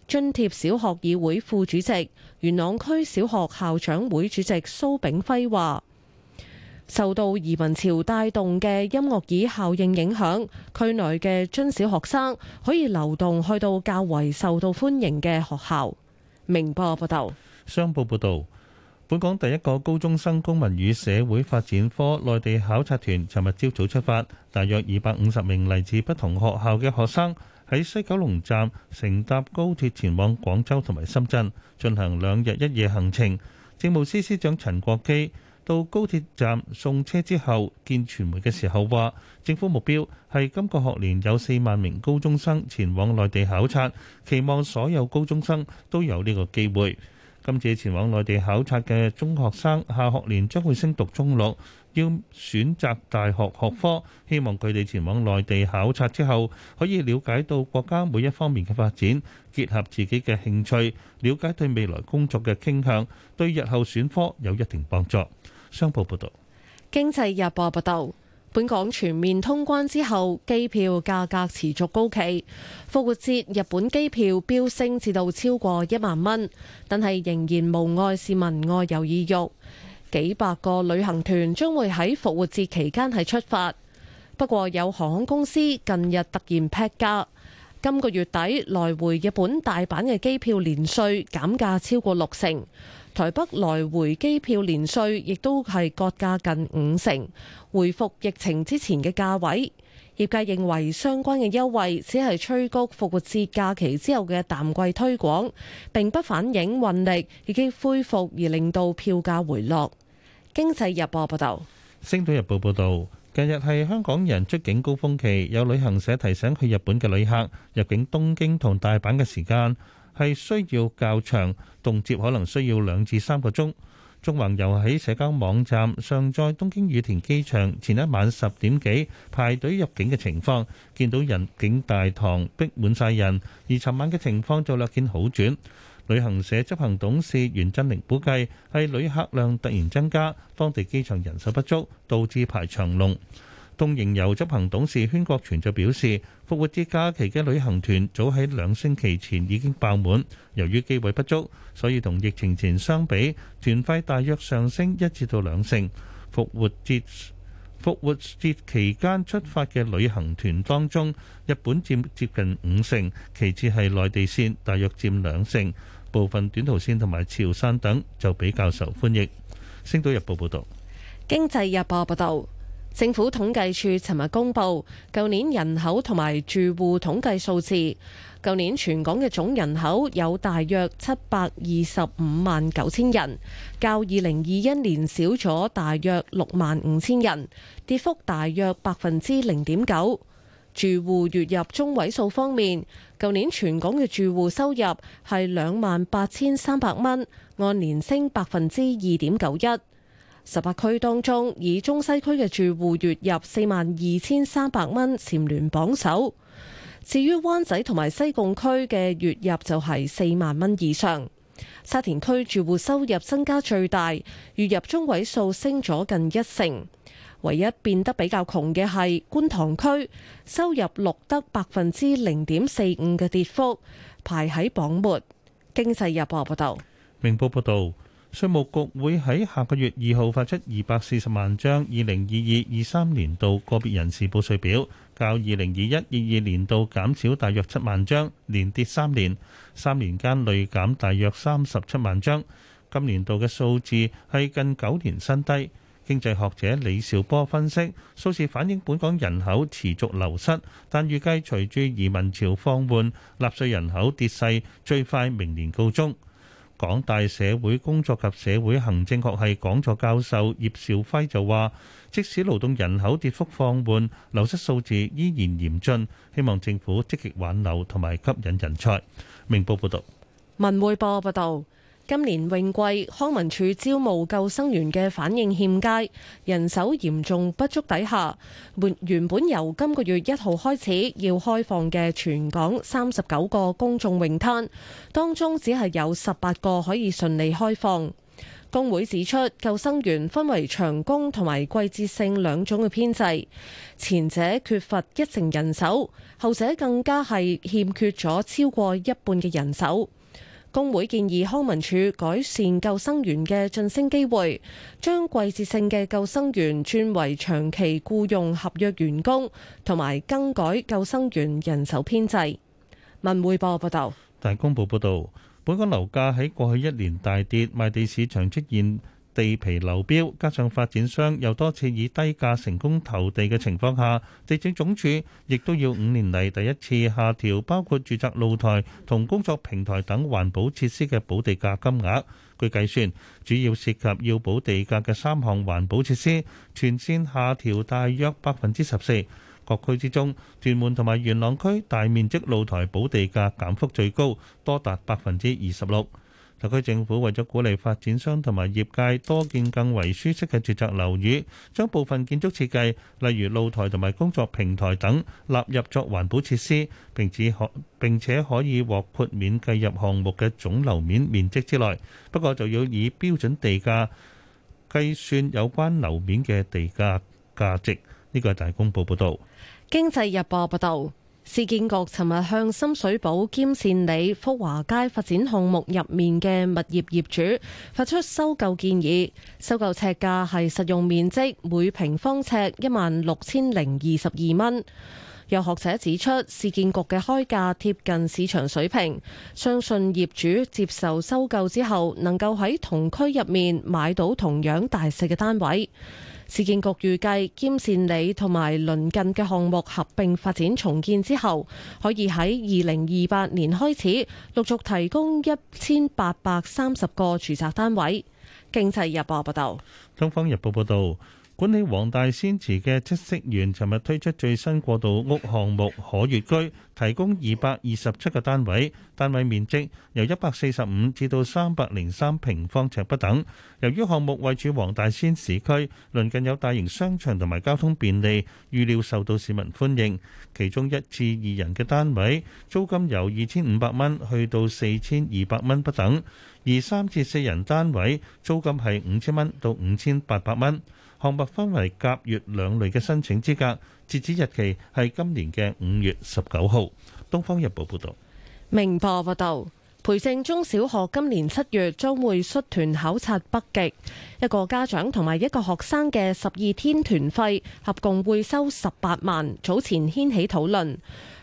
津貼小學議會副主席、元朗區小學校長會主席蘇炳輝話，受到移民潮帶動嘅音樂椅效應影響，區內嘅中小學生可以流動去到較為受到歡迎嘅學校。明報報道。商報報道，本港第一個高中生公民與社會發展科內地考察團，尋日朝早出發，大約二百五十名嚟自不同學校嘅學生喺西九龍站乘搭高鐵前往廣州同埋深圳，進行兩日一夜行程。政務司司長陳國基，到高鐵站送車之後，見傳媒嘅時候話，政府目標係今個學年有四萬名高中生前往內地考察，期望所有高中生都有呢個機會。今次前往內地考察嘅中學生，下學年將會升讀中六，要選擇大學學科。希望佢哋前往內地考察之後，可以了解到國家每一方面嘅發展，結合自己嘅興趣，了解對未來工作嘅傾向，對日後選科有一定幫助。商報報道，《經濟日報》報道，本港全面通關之後，機票價格持續高企。復活節日本機票飆升至到超過一萬蚊，但係仍然無礙市民外遊意慾。幾百個旅行團將會喺復活節期間係出發。不過有航空公司近日突然劈價，今個月底來回日本大阪嘅機票連稅減價超過六成。台北來回機票連稅亦都係割價近五成，回復疫情之前嘅價位。業界認為相關嘅優惠只係催谷復活節假期之後嘅淡季推廣，並不反映運力已經恢復而令到票價回落。經濟日報報道。《星島日報》報道，近日係香港人出境高峰期，有旅行社提醒去日本嘅旅客入境東京同大阪嘅時間。係需要較長動輒，可能需要兩至三個鐘。中環又喺社交網站上載東京羽田機場前一晚十點幾排隊入境嘅情況，見到人境大堂逼滿晒人，而尋晚嘅情況就略見好轉。旅行社執行董事袁振寧估計係旅客量突然增加，當地機場人手不足，導致排長龍。東瀛遊執行董事宣國全就表示，復活節假期嘅旅行團早喺兩星期前已經爆滿，由於機位不足，所以同疫情前相比，團費大約上升一至到兩成。復活節復活節期間出發嘅旅行團當中，日本佔接近五成，其次係內地線大約佔兩成，部分短途線同埋潮汕等就比較受歡迎。星島日報報道，經濟日報報道。政府統計處尋日公布舊年人口同埋住戶統計數字。舊年全港嘅總人口有大約七百二十五萬九千人，較二零二一年少咗大約六萬五千人，跌幅大約百分之零點九。住戶月入中位數方面，舊年全港嘅住戶收入係兩萬八千三百蚊，按年升百分之二點九一。十八區當中，以中西區嘅住戶月入四萬二千三百蚊，蟬聯榜首。至於灣仔同埋西貢區嘅月入就係四萬蚊以上。沙田區住戶收入增加最大，月入中位數升咗近一成。唯一變得比較窮嘅係觀塘區，收入錄得百分之零點四五嘅跌幅，排喺榜末。經濟日報報道。明報報導。稅務局會喺下個月二號發出二百四十萬張二零二二、二三年度個別人士報稅表，較二零二一、二二年度減少大約七萬張，連跌三年，三年間累減大約三十七萬張。今年度嘅數字係近九年新低。經濟學者李兆波分析，數字反映本港人口持續流失，但預計隨住移民潮放緩，納稅人口跌勢最快明年告終。港大社會工作及社會行政學系講座教授葉兆輝就話：即使勞動人口跌幅放緩，流失數字依然嚴峻，希望政府積極挽留同埋吸引人才。明報報道，文匯報報道。今年泳季，康文署招募救生員嘅反應欠佳，人手嚴重不足底下，原本由今個月一號開始要開放嘅全港三十九個公眾泳灘，當中只係有十八個可以順利開放。工會指出，救生員分為長工同埋季節性兩種嘅編制，前者缺乏一成人手，後者更加係欠缺咗超過一半嘅人手。工會建議康文署改善救生員嘅晉升機會，將季節性嘅救生員轉為長期僱傭合約員工，同埋更改救生員人手編制。文匯報報道，大公報報道，本港樓價喺過去一年大跌，賣地市場出現，地皮流標，加上發展商又多次以低價成功投地嘅情況下，地政總署亦都要五年嚟第一次下調包括住宅露台同工作平台等環保設施嘅補地價金額。據計算，主要涉及要補地價嘅三項環保設施，全線下調大約百分之十四。各區之中，屯門同埋元朗區大面積露台補地價減幅最高，多達百分之二十六。特區政府為咗鼓勵發展商同埋業界多建更為舒適嘅住宅樓宇，將部分建築設計，例如露台同埋工作平台等，納入作環保設施，並且可並且可以獲豁免計入項目嘅總樓面面積之內。不過就要以標準地價計算有關樓面嘅地價價值。呢個係大公報報道，《經濟日報》報道。市建局尋日向深水埗、兼善里福華街發展項目入面嘅物業業主發出收購建議，收購尺價係實用面積每平方尺一萬六千零二十二蚊。有學者指出，市建局嘅開價貼近市場水平，相信業主接受收購之後，能夠喺同區入面買到同樣大細嘅單位。市建局預計，兼善里同埋鄰近嘅項目合併發展重建之後，可以喺二零二八年開始陸續提供一千八百三十個住宅單位。經濟日報報道。東方日報報道。管理黃大仙祠嘅七色園，尋日推出最新過渡屋項目可悅居，提供二百二十七個單位，單位面積由一百四十五至到三百零三平方尺不等。由於項目位處黃大仙市區，鄰近有大型商場同埋交通便利，預料受到市民歡迎。其中一至二人嘅單位租金由二千五百蚊去到四千二百蚊不等，而三至四人單位租金係五千蚊到五千八百蚊。項目分為甲、乙兩類嘅申請資格，截止日期係今年嘅五月十九號。《東方日報》報導。明報報道，培正中小學今年七月將會率團考察北極，一個家長同埋一個學生嘅十二天團費合共會收十八萬，早前掀起討論。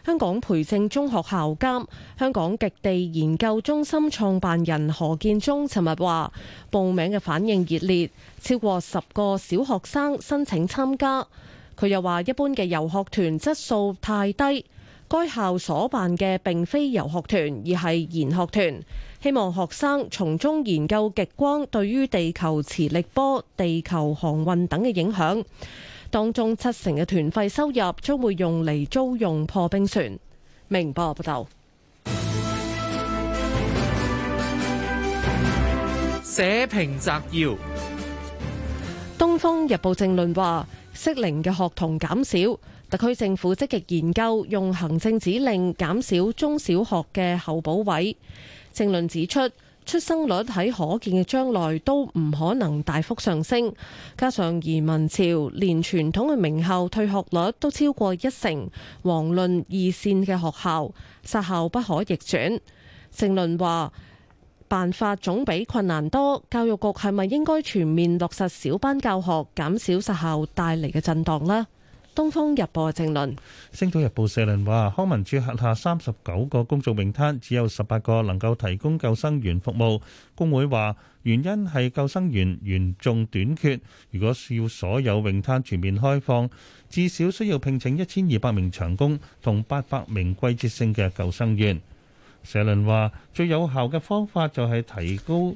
香港培正中學校監、香港極地研究中心創辦人何建宗，尋日話報名嘅反應熱烈，超過十個小學生申請參加。佢又話一般嘅遊學團質素太低，該校所辦嘅並非遊學團，而係研學團，希望學生從中研究極光對於地球磁力波、地球航運等嘅影響。當中七成嘅團費收入將會用嚟租用破冰船。明報報道，社評摘要。《東方日報》政論話，適齡嘅學童減少，特區政府積極研究用行政指令減少中小學嘅候補位。政論指出。出生率喺可見嘅將來都唔可能大幅上升，加上移民潮，連傳統嘅名校退學率都超過一成，遑論二線嘅學校，實校不可逆轉。成論話辦法總比困難多，教育局係咪應該全面落實小班教學，減少實校帶嚟嘅震盪呢？《東方日報》正論，《星島日報》社論話，康文署轄下三十九個公眾泳灘只有十八個能夠提供救生員服務。工會話，原因係救生員嚴重短缺。如果要所有泳灘全面開放，至少需要聘請一千二百名長工同八百名季節性嘅救生員。社論話，最有效嘅方法就係提高。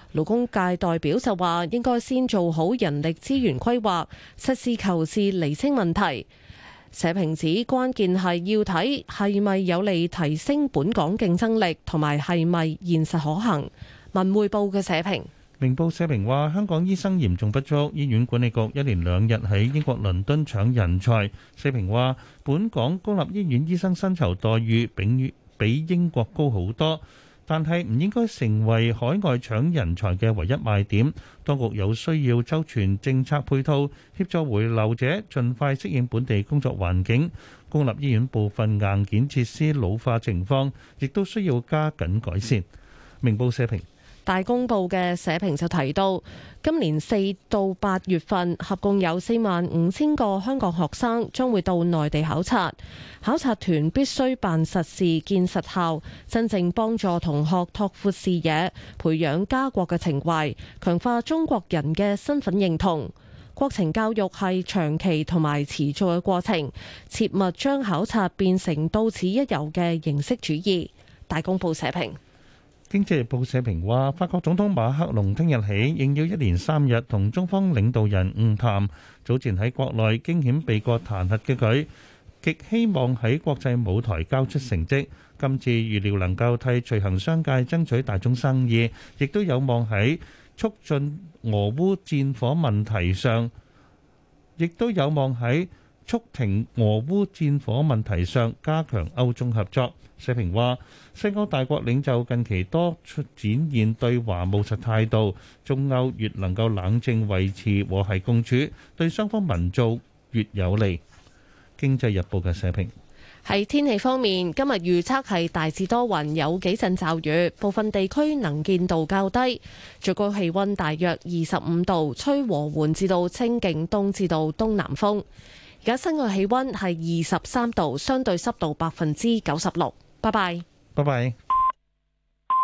勞工界代表就話，應該先做好人力資源規劃，實事求是釐清問題。社評指關鍵係要睇係咪有利提升本港競爭力，同埋係咪現實可行。文匯報嘅社評，明報社評話香港醫生嚴重不足，醫院管理局一連兩日喺英國倫敦搶人才。社評話本港公立醫院醫生薪酬待遇比比英國高好多。但係唔應該成為海外搶人才嘅唯一賣點。當局有需要周全政策配套，協助回流者盡快適應本地工作環境。公立醫院部分硬件設施老化情況，亦都需要加緊改善。明報社評。大公報嘅社評就提到，今年四到八月份合共有四萬五千個香港學生將會到內地考察，考察團必須辦實事、見實效，真正幫助同學拓闊視野，培養家國嘅情懷，強化中國人嘅身份認同。國情教育係長期同埋持續嘅過程，切勿將考察變成到此一遊嘅形式主義。大公報社評。《經濟日報》社評話：法國總統馬克龍聽日起應要一連三日同中方領導人晤談。早前喺國內驚險避過彈劾嘅佢，極希望喺國際舞台交出成績，今次預料能夠替隨行商界爭取大宗生意，亦都有望喺促進俄烏戰火問題上，亦都有望喺。促停俄烏戰火問題上加強歐中合作，社評話：西歐大國領袖近期多出展現對華務實態度，中歐越能夠冷靜維持和諧共處，對雙方民眾越有利。經濟日報嘅社評。喺天氣方面，今日預測係大致多雲，有幾陣驟雨，部分地區能見度較低，最高氣温大約二十五度，吹和緩至到清勁東至到東南風。而家室外氣温係二十三度，相對濕度百分之九十六。拜拜，拜拜。